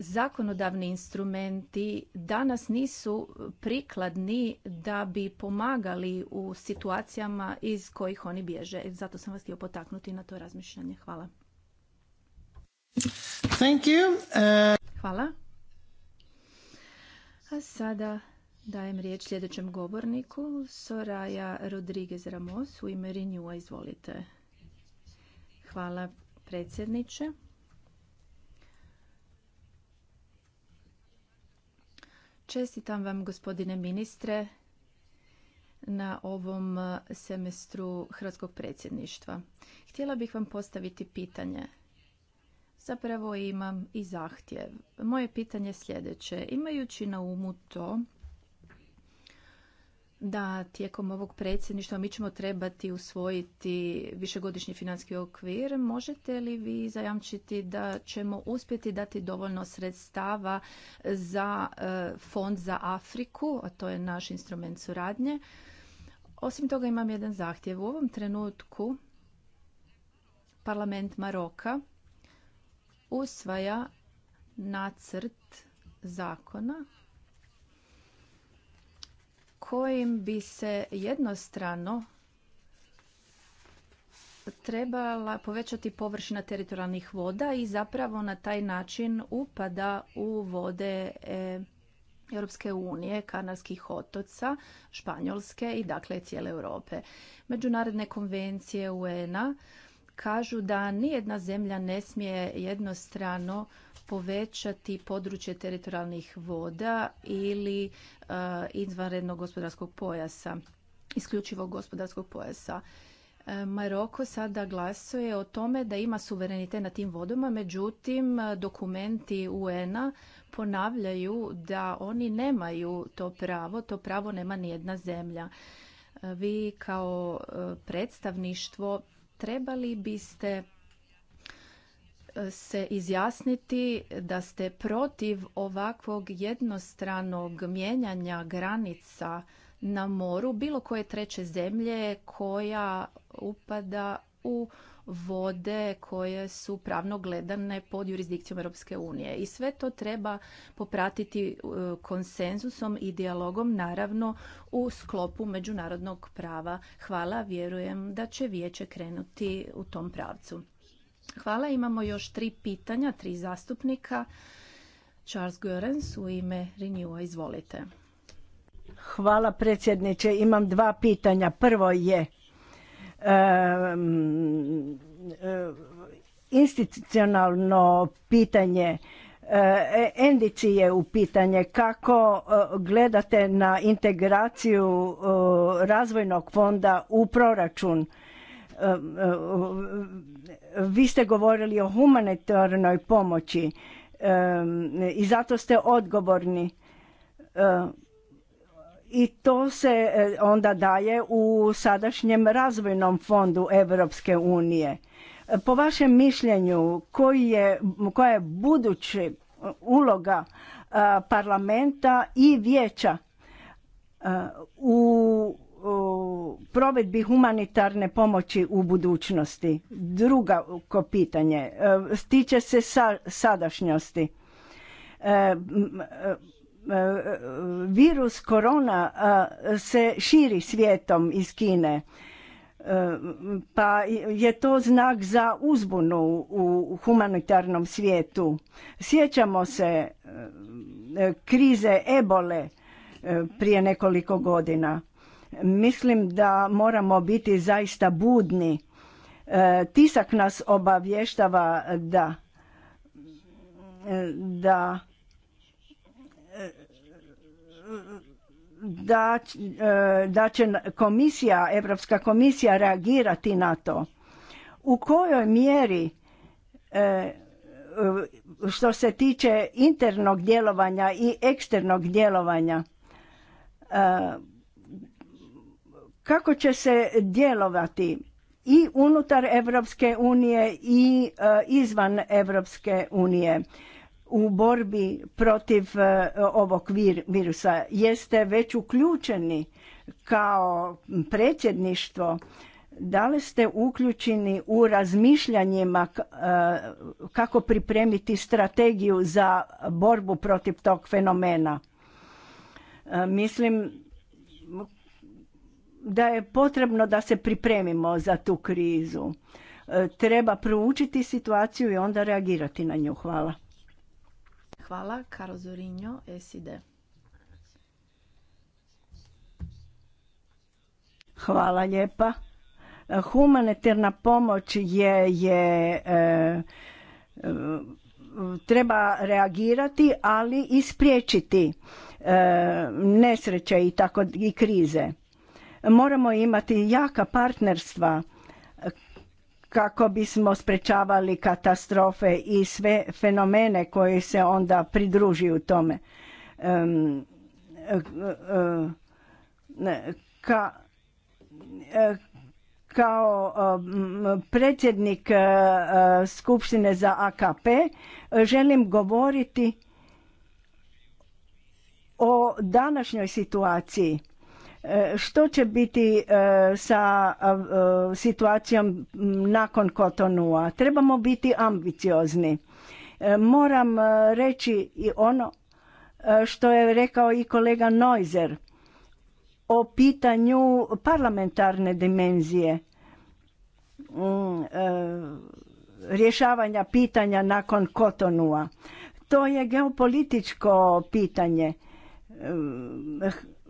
zakonodavni instrumenti danas nisu prikladni da bi pomagali u situacijama iz kojih oni bježe. Zato sam vas htio potaknuti na to razmišljanje. Hvala. Thank you. Uh, Hvala. A sada dajem riječ sljedećem govorniku, Soraya Rodriguez Ramos u ime Renewa. Izvolite. Hvala predsjedniče. Čestitam vam gospodine ministre na ovom eh, semestru Hrvatskog predsjedništva. Htjela bih vam postaviti pitanje. Zapravo imam i zahtjev. Moje pitanje je sljedeće. Imajući na umu to da tijekom ovog predsjedništva mi ćemo trebati usvojiti višegodišnji financijski okvir. Možete li vi zajamčiti da ćemo uspjeti dati dovoljno sredstava za e, fond za Afriku, a to je naš instrument suradnje? Osim toga imam jedan zahtjev. U ovom trenutku parlament Maroka usvaja nacrt zakona kojim bi se jednostrano trebala povećati površina teritorijalnih voda i zapravo na taj način upada u vode e, Europske unije, Kanarskih otoca, Španjolske i dakle cijele Europe. Međunarodne konvencije UN-a kažu da nijedna zemlja ne smije jednostrano povećati područje teritorijalnih voda ili e, izvanrednog gospodarskog pojasa, isključivog gospodarskog pojasa. E, Maroko sada glasuje o tome da ima suverenitet na tim vodama, međutim e, dokumenti UN-a ponavljaju da oni nemaju to pravo, to pravo nema ni jedna zemlja. Vi kao predstavništvo trebali biste se izjasniti da ste protiv ovakvog jednostranog mijenjanja granica na moru bilo koje treće zemlje koja upada u vode koje su pravno gledane pod jurisdikcijom Europske unije. I sve to treba popratiti e, konsenzusom i dijalogom, naravno u sklopu međunarodnog prava. Hvala, vjerujem da će vijeće krenuti u tom pravcu. Hvala. Imamo još tri pitanja, tri zastupnika. Charles Goerens u ime Renewa, izvolite. Hvala predsjedniče. Imam dva pitanja. Prvo je eh, institucionalno pitanje eh, Endici je u pitanje kako eh, gledate na integraciju razvojnog fonda u proračun Eh, eh, vi ste govorili o humanitarnoj pomoći eh, i zato ste odgovorni. I to se onda daje u sadašnjem razvojnom fondu Europske unije. Po vašem mišljenju, koji je, koja je buduća uloga parlamenta i vijeća u provedbi humanitarne pomoći u budućnosti. Druga pitanje e, tiče se sa, sadašnjosti. E, e, virus korona se širi svijetom iz Kine. Pa je to znak za uzbunu u humanitarnom svijetu. Sjećamo se krize ebole prije nekoliko godina. Mislim da moramo biti zaista budni. E, tisak nas obavještava da da da, će komisija, Europska komisija reagirati na to. U kojoj mjeri e, što se tiče internog djelovanja i eksternog djelovanja e, kako će se djelovati i unutar Europske unije i e, izvan Europske unije u borbi protiv e, ovog virusa. Jeste već uključeni kao predsjedništvo da li ste uključeni u razmišljanjima e, kako pripremiti strategiju za borbu protiv tog fenomena? Mislim da je potrebno da se pripremimo za tu krizu. E, treba proučiti situaciju i onda reagirati na nju. Hvala. Hvala. Karo Zorinjo, SID. Hvala lijepa. E, humanitarna pomoć je, je e, treba reagirati, ali i spriječiti nesreće i tako i krize. Moramo imati jaka partnerstva kako bismo sprečavali katastrofe i sve fenomene koji se onda pridružuju tome. E, e, e, kao predsjednik Skupštine za AKP želim govoriti o današnjoj situaciji E, što će biti e, sa e, situacijom nakon Kotonua? Trebamo biti ambiciozni. Moram reći i ono što je rekao i kolega Neuser o pitanju parlamentarne dimenzije mm, rješavanja pitanja nakon Kotonua. To je geopolitičko pitanje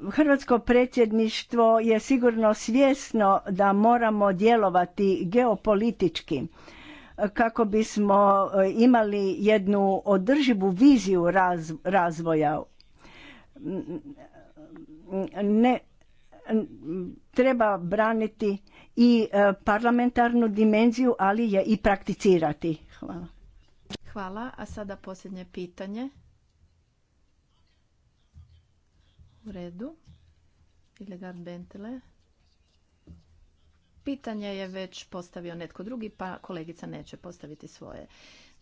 Hrvatsko predsjedništvo je sigurno svjesno da moramo djelovati geopolitički kako bismo e, imali jednu održivu viziju razvoja. Ne, treba braniti i e, parlamentarnu dimenziju, ali je i prakticirati. Hvala. Hvala, a sada posljednje pitanje. redu. Bentele. Pitanje je već postavio netko drugi, pa kolegica neće postaviti svoje.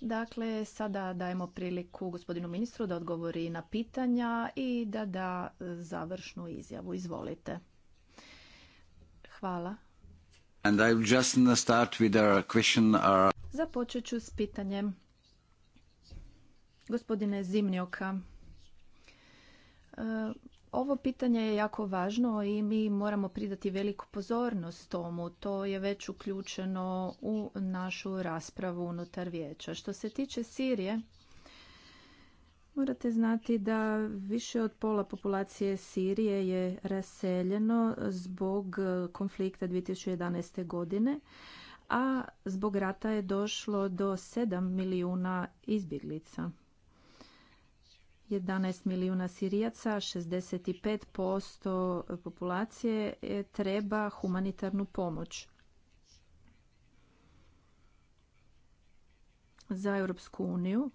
Dakle, sada dajemo priliku gospodinu ministru da odgovori na pitanja i da da završnu izjavu. Izvolite. Hvala. And I just start with question, uh, Započet ću s pitanjem gospodine Zimnjoka. Uh, ovo pitanje je jako važno i mi moramo pridati veliku pozornost tomu. To je već uključeno u našu raspravu unutar vijeća. Što se tiče Sirije, Morate znati da više od pola populacije Sirije je raseljeno zbog konflikta 2011. godine, a zbog rata je došlo do 7 milijuna izbjeglica. 11 milijuna Sirijaca, 65% populacije e, treba humanitarnu pomoć. Za Europsku uniju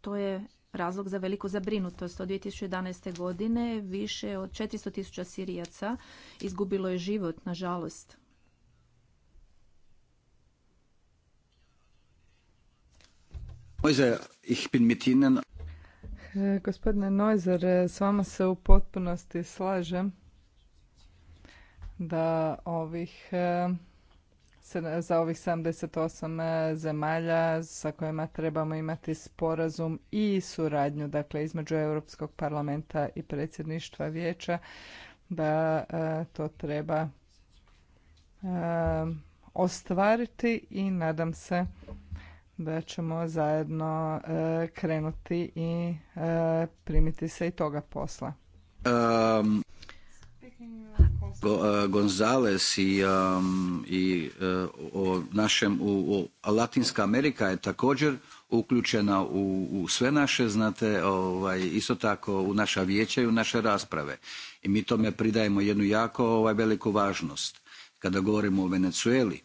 to je razlog za veliku zabrinutost. Od 2011. godine više od 400 tisuća Sirijaca izgubilo je život, nažalost. Ich bin mit Ihnen E, gospodine Noizer, e, s vama se u potpunosti slažem da ovih e, za ovih 78 zemalja sa kojima trebamo imati sporazum i suradnju, dakle između Europskog parlamenta i predsjedništva vijeća, da to treba ostvariti i nadam se da ćemo zajedno e, krenuti i e, primiti se i toga posla. Um, e, Gonzales i, um, i o našem, u, Latinska Amerika je također uključena u, sve naše, znate, ovaj, isto tako u naša vijeća i u naše rasprave. I mi tome pridajemo jednu jako ovaj, veliku važnost. Kada govorimo o Venezueli,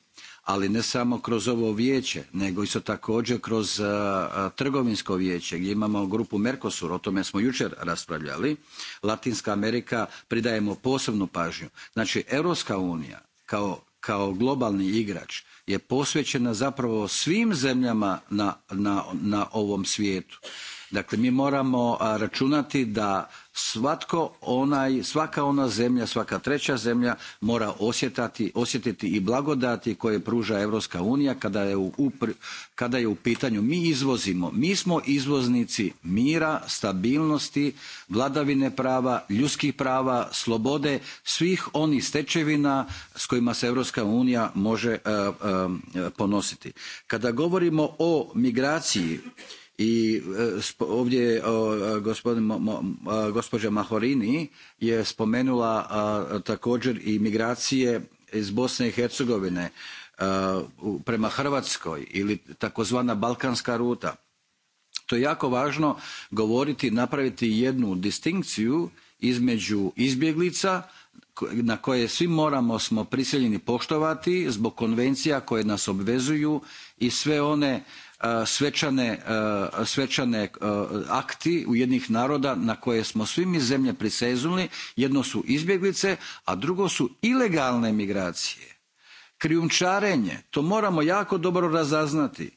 ali ne samo kroz ovo vijeće nego isto također kroz trgovinsko vijeće gdje imamo grupu Mercosur, o tome smo jučer raspravljali, Latinska Amerika pridajemo posebnu pažnju. Znači Europska unija kao, globalni igrač je posvećena zapravo svim zemljama na, na ovom svijetu Dakle, mi moramo računati da svatko onaj, svaka ona zemlja, svaka treća zemlja mora osjetati, osjetiti i blagodati koje pruža Europska unija kada je u, kada je u pitanju mi izvozimo, mi smo izvoznici mira, stabilnosti, vladavine prava, ljudskih prava, slobode, svih onih stečevina s kojima se Europska unija može ponositi. Kada govorimo o migraciji i e, ovdje e, gospodin, gospođa Mahorini je spomenula također i migracije iz Bosne i Hercegovine e, prema Hrvatskoj ili takozvana balkanska ruta. To je jako važno govoriti, napraviti jednu distinkciju između izbjeglica na koje svi moramo smo prisiljeni poštovati zbog konvencija koje nas obvezuju i sve one svečane, e, svečane e, akti ujedinjenih naroda na koje smo svi mi zemlje priseznuli jedno su izbjeglice a drugo su ilegalne migracije krijumčarenje to moramo jako dobro razaznati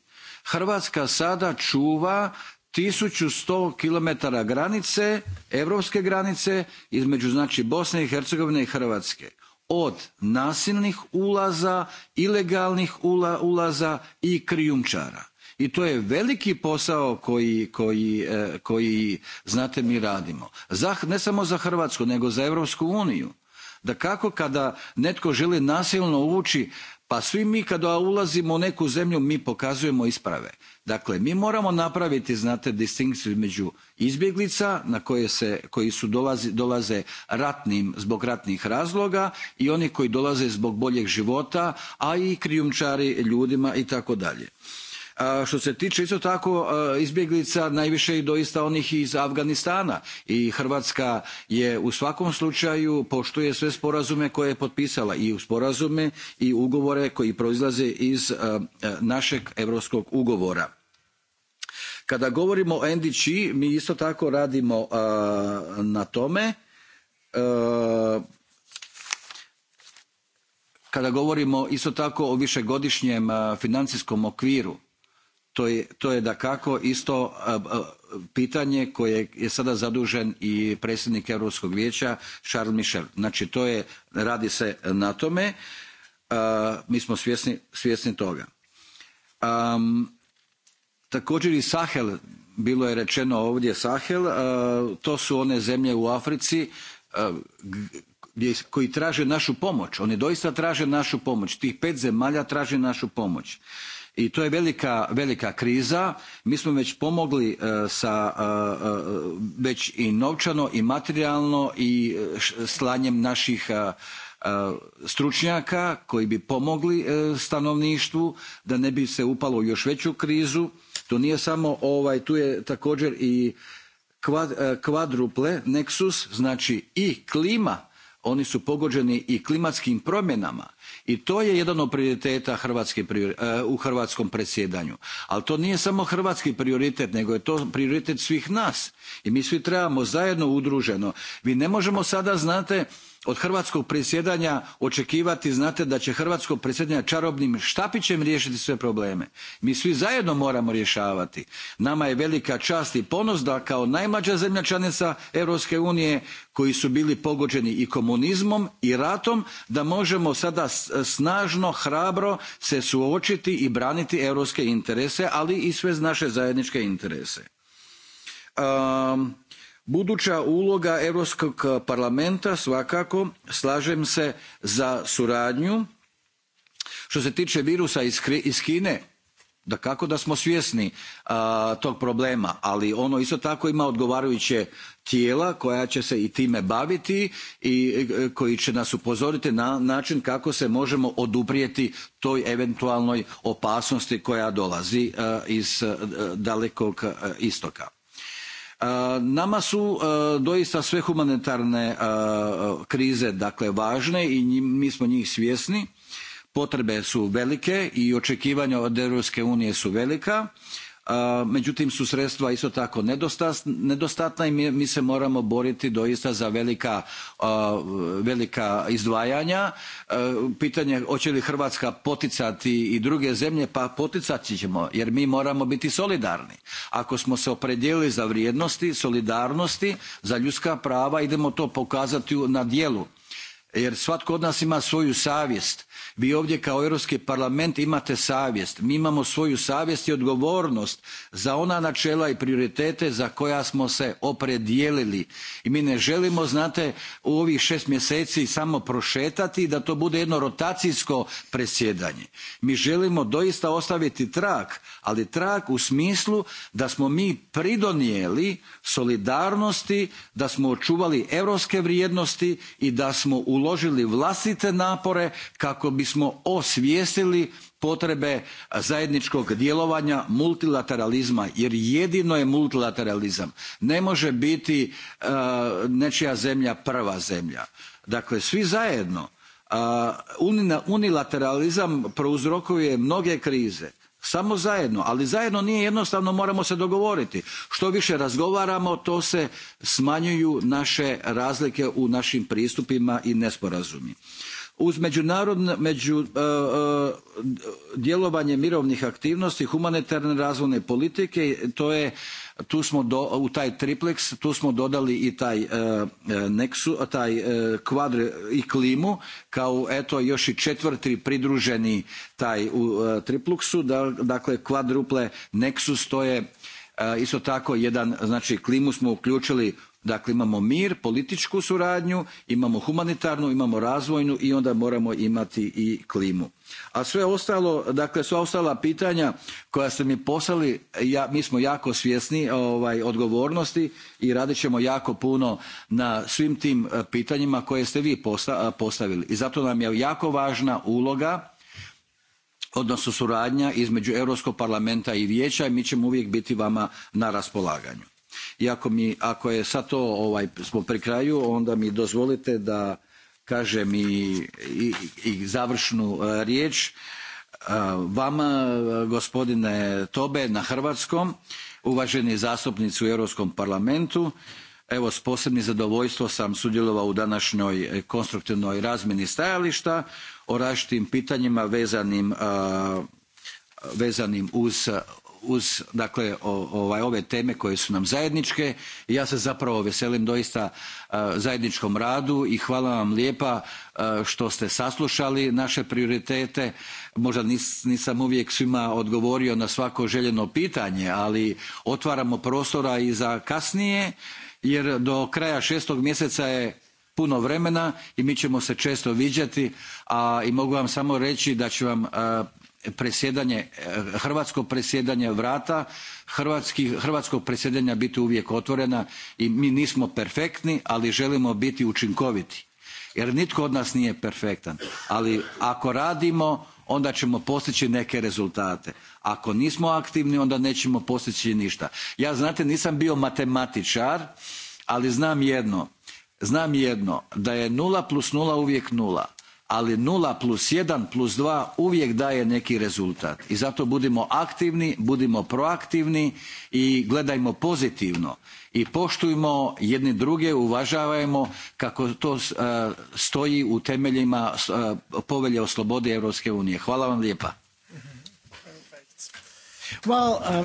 hrvatska sada čuva 1100 sto kilometara granice europske granice između znači bosne i hercegovine i hrvatske od nasilnih ulaza ilegalnih ulaza i krijumčara i to je veliki posao koji, e, znate mi radimo ne samo za hrvatsku nego za europsku uniju da kako kada netko želi nasilno ući pa svi mi kada ulazimo u neku zemlju mi pokazujemo isprave dakle mi moramo napraviti znate distinkciju između izbjeglica na koje se, koji su dolazi, dolaze ratnim zbog ratnih razloga i oni koji dolaze zbog boljeg života a i krijumčari ljudima i tako dalje što se tiče isto tako e, izbjeglica, najviše i doista onih iz Afganistana i Hrvatska je u svakom slučaju poštuje sve sporazume koje je potpisala i u sporazume i ugovore koji proizlaze iz e, e, našeg europskog ugovora. Kada govorimo o NDC mi isto tako radimo na tome kada govorimo isto tako o višegodišnjem financijskom okviru to je, to je dakako isto pitanje koje je sada zadužen i predsjednik Europskog vijeća Charles Michel. Znači to je, radi se na tome, mi smo svjesni, toga. također i Sahel, bilo je rečeno ovdje Sahel, to su one zemlje u Africi koji traže našu pomoć. Oni doista traže našu pomoć. Tih pet zemalja traže našu pomoć i to je velika, velika kriza. Mi smo već pomogli e, sa e, e, već i novčano i materijalno i slanjem naših stručnjaka koji bi pomogli stanovništvu da ne bi se upalo u još veću krizu. To nije samo ovaj, tu je također i kvadruple nexus, znači i klima, oni su pogođeni i klimatskim promjenama i to je jedan od prioriteta e, u hrvatskom predsjedanju ali to nije samo hrvatski prioritet nego je to prioritet svih nas i mi svi trebamo zajedno udruženo mi ne možemo sada znate od hrvatskog predsjedanja očekivati znate da će hrvatsko predsjedanje čarobnim štapićem riješiti sve probleme. Mi svi zajedno moramo rješavati. Nama je velika čast i ponos da kao najmlađa zemlja članica Europske unije koji su bili pogođeni i komunizmom i ratom da možemo sada snažno, hrabro se suočiti i braniti europske interese ali i sve naše zajedničke interese. Ehm, buduća uloga europskog eh, parlamenta svakako slažem se za suradnju što se tiče virusa iz kine dakako da smo svjesni eh, tog problema ali ono isto tako ima odgovarajuće tijela koja će se i time baviti i eh, koji će nas upozoriti na način kako se možemo oduprijeti toj eventualnoj opasnosti koja dolazi iz dalekog istoka. Nama su doista sve humanitarne krize dakle važne i mi smo njih svjesni. Potrebe su velike i očekivanja od EU unije su velika međutim su sredstva isto tako nedostatna i mi, se moramo boriti doista za velika, velika izdvajanja. Pitanje hoće li Hrvatska poticati i druge zemlje, pa poticati ćemo jer mi moramo biti solidarni. Ako smo se opredijelili za vrijednosti solidarnosti, za ljudska prava idemo to pokazati na djelu jer svatko od nas ima svoju savjest vi ovdje kao europski parlament imate savjest mi imamo svoju savjest i odgovornost za ona načela i prioritete za koja smo se opredijelili i mi ne želimo znate u ovih šest mjeseci samo prošetati da to bude jedno rotacijsko predsjedanje mi želimo doista ostaviti trag ali trag u smislu da smo mi pridonijeli solidarnosti da smo očuvali europske vrijednosti i da smo uložili vlastite napore kako bismo osvijestili potrebe zajedničkog djelovanja multilateralizma jer jedino je multilateralizam ne može biti e, nečija zemlja prva zemlja dakle svi zajedno unilateralizam prouzrokuje mnoge krize samo zajedno ali zajedno nije jednostavno moramo se dogovoriti što više razgovaramo to se smanjuju naše razlike u našim pristupima i nesporazumi uz međunarodno među, e, e, djelovanje mirovnih aktivnosti humanitarne razvojne politike to je tu smo u taj triplex tu smo dodali i taj e, nexus, taj kvadr i klimu kao eto još i četvrti pridruženi taj u tripleksu. dakle kvadruple nexus to je isto tako jedan znači klimu smo uključili Dakle, imamo mir, političku suradnju, imamo humanitarnu, imamo razvojnu i onda moramo imati i klimu. A sve ostalo, dakle, sva ostala pitanja koja ste mi poslali, ja, mi smo jako svjesni ovaj, odgovornosti i radit ćemo jako puno na svim tim e, pitanjima koje ste vi e, postavili. I zato nam je jako važna uloga odnosno suradnja između Europskog parlamenta i vijeća i mi ćemo uvijek biti vama na raspolaganju i ako, mi, ako je sad to ovaj, smo pri kraju onda mi dozvolite da kažem i, završnu e, riječ e, vama gospodine Tobe na hrvatskom uvaženi zastupnici u Europskom parlamentu evo s posebnim zadovoljstvom sam sudjelovao u današnjoj e, konstruktivnoj razmjeni stajališta o različitim pitanjima vezanim, vezanim uz uz dakle ovaj, ove teme koje su nam zajedničke i ja se zapravo veselim doista e, zajedničkom radu i hvala vam lijepa e, što ste saslušali naše prioritete. Možda nisam uvijek svima odgovorio na svako željeno pitanje, ali otvaramo prostora i za kasnije jer do kraja šestog mjeseca je puno vremena i mi ćemo se često viđati a i mogu vam samo reći da ću vam e, predsjedanje eh, hrvatsko predsjedanje vrata hrvatskog predsjedanja biti uvijek otvorena i mi nismo perfektni ali želimo biti učinkoviti jer nitko od nas nije perfektan ali ako radimo onda ćemo postići neke rezultate ako nismo aktivni onda nećemo postići ništa ja znate nisam bio matematičar ali znam jedno znam jedno da je nula plus nula uvijek nula ali nula plus jedan plus dva uvijek daje neki rezultat i zato budimo aktivni budimo proaktivni i gledajmo pozitivno i poštujmo jedni druge uvažavajmo kako to e, stoji u temeljima e, povelje o slobodi europske unije. hvala vam lijepa. Uh,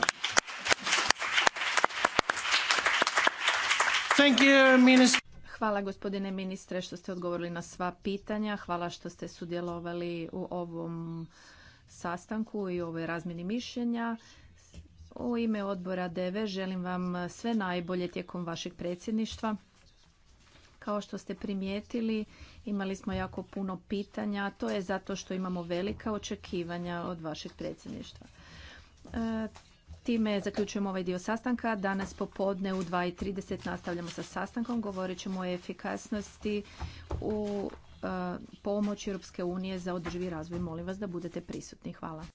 Hvala gospodine ministre što ste odgovorili na sva pitanja. Hvala što ste sudjelovali u ovom sastanku i u ovoj razmjeni mišljenja. U ime odbora DEVE želim vam sve najbolje tijekom vašeg predsjedništva. Kao što ste primijetili, imali smo jako puno pitanja. To je zato što imamo velika očekivanja od vašeg predsjedništva. E, Time zaključujemo ovaj dio sastanka. Danas popodne u 2.30 nastavljamo sa sastankom. Govorit ćemo o efikasnosti u e, pomoći Europske unije za održivi razvoj. Molim vas da budete prisutni. Hvala.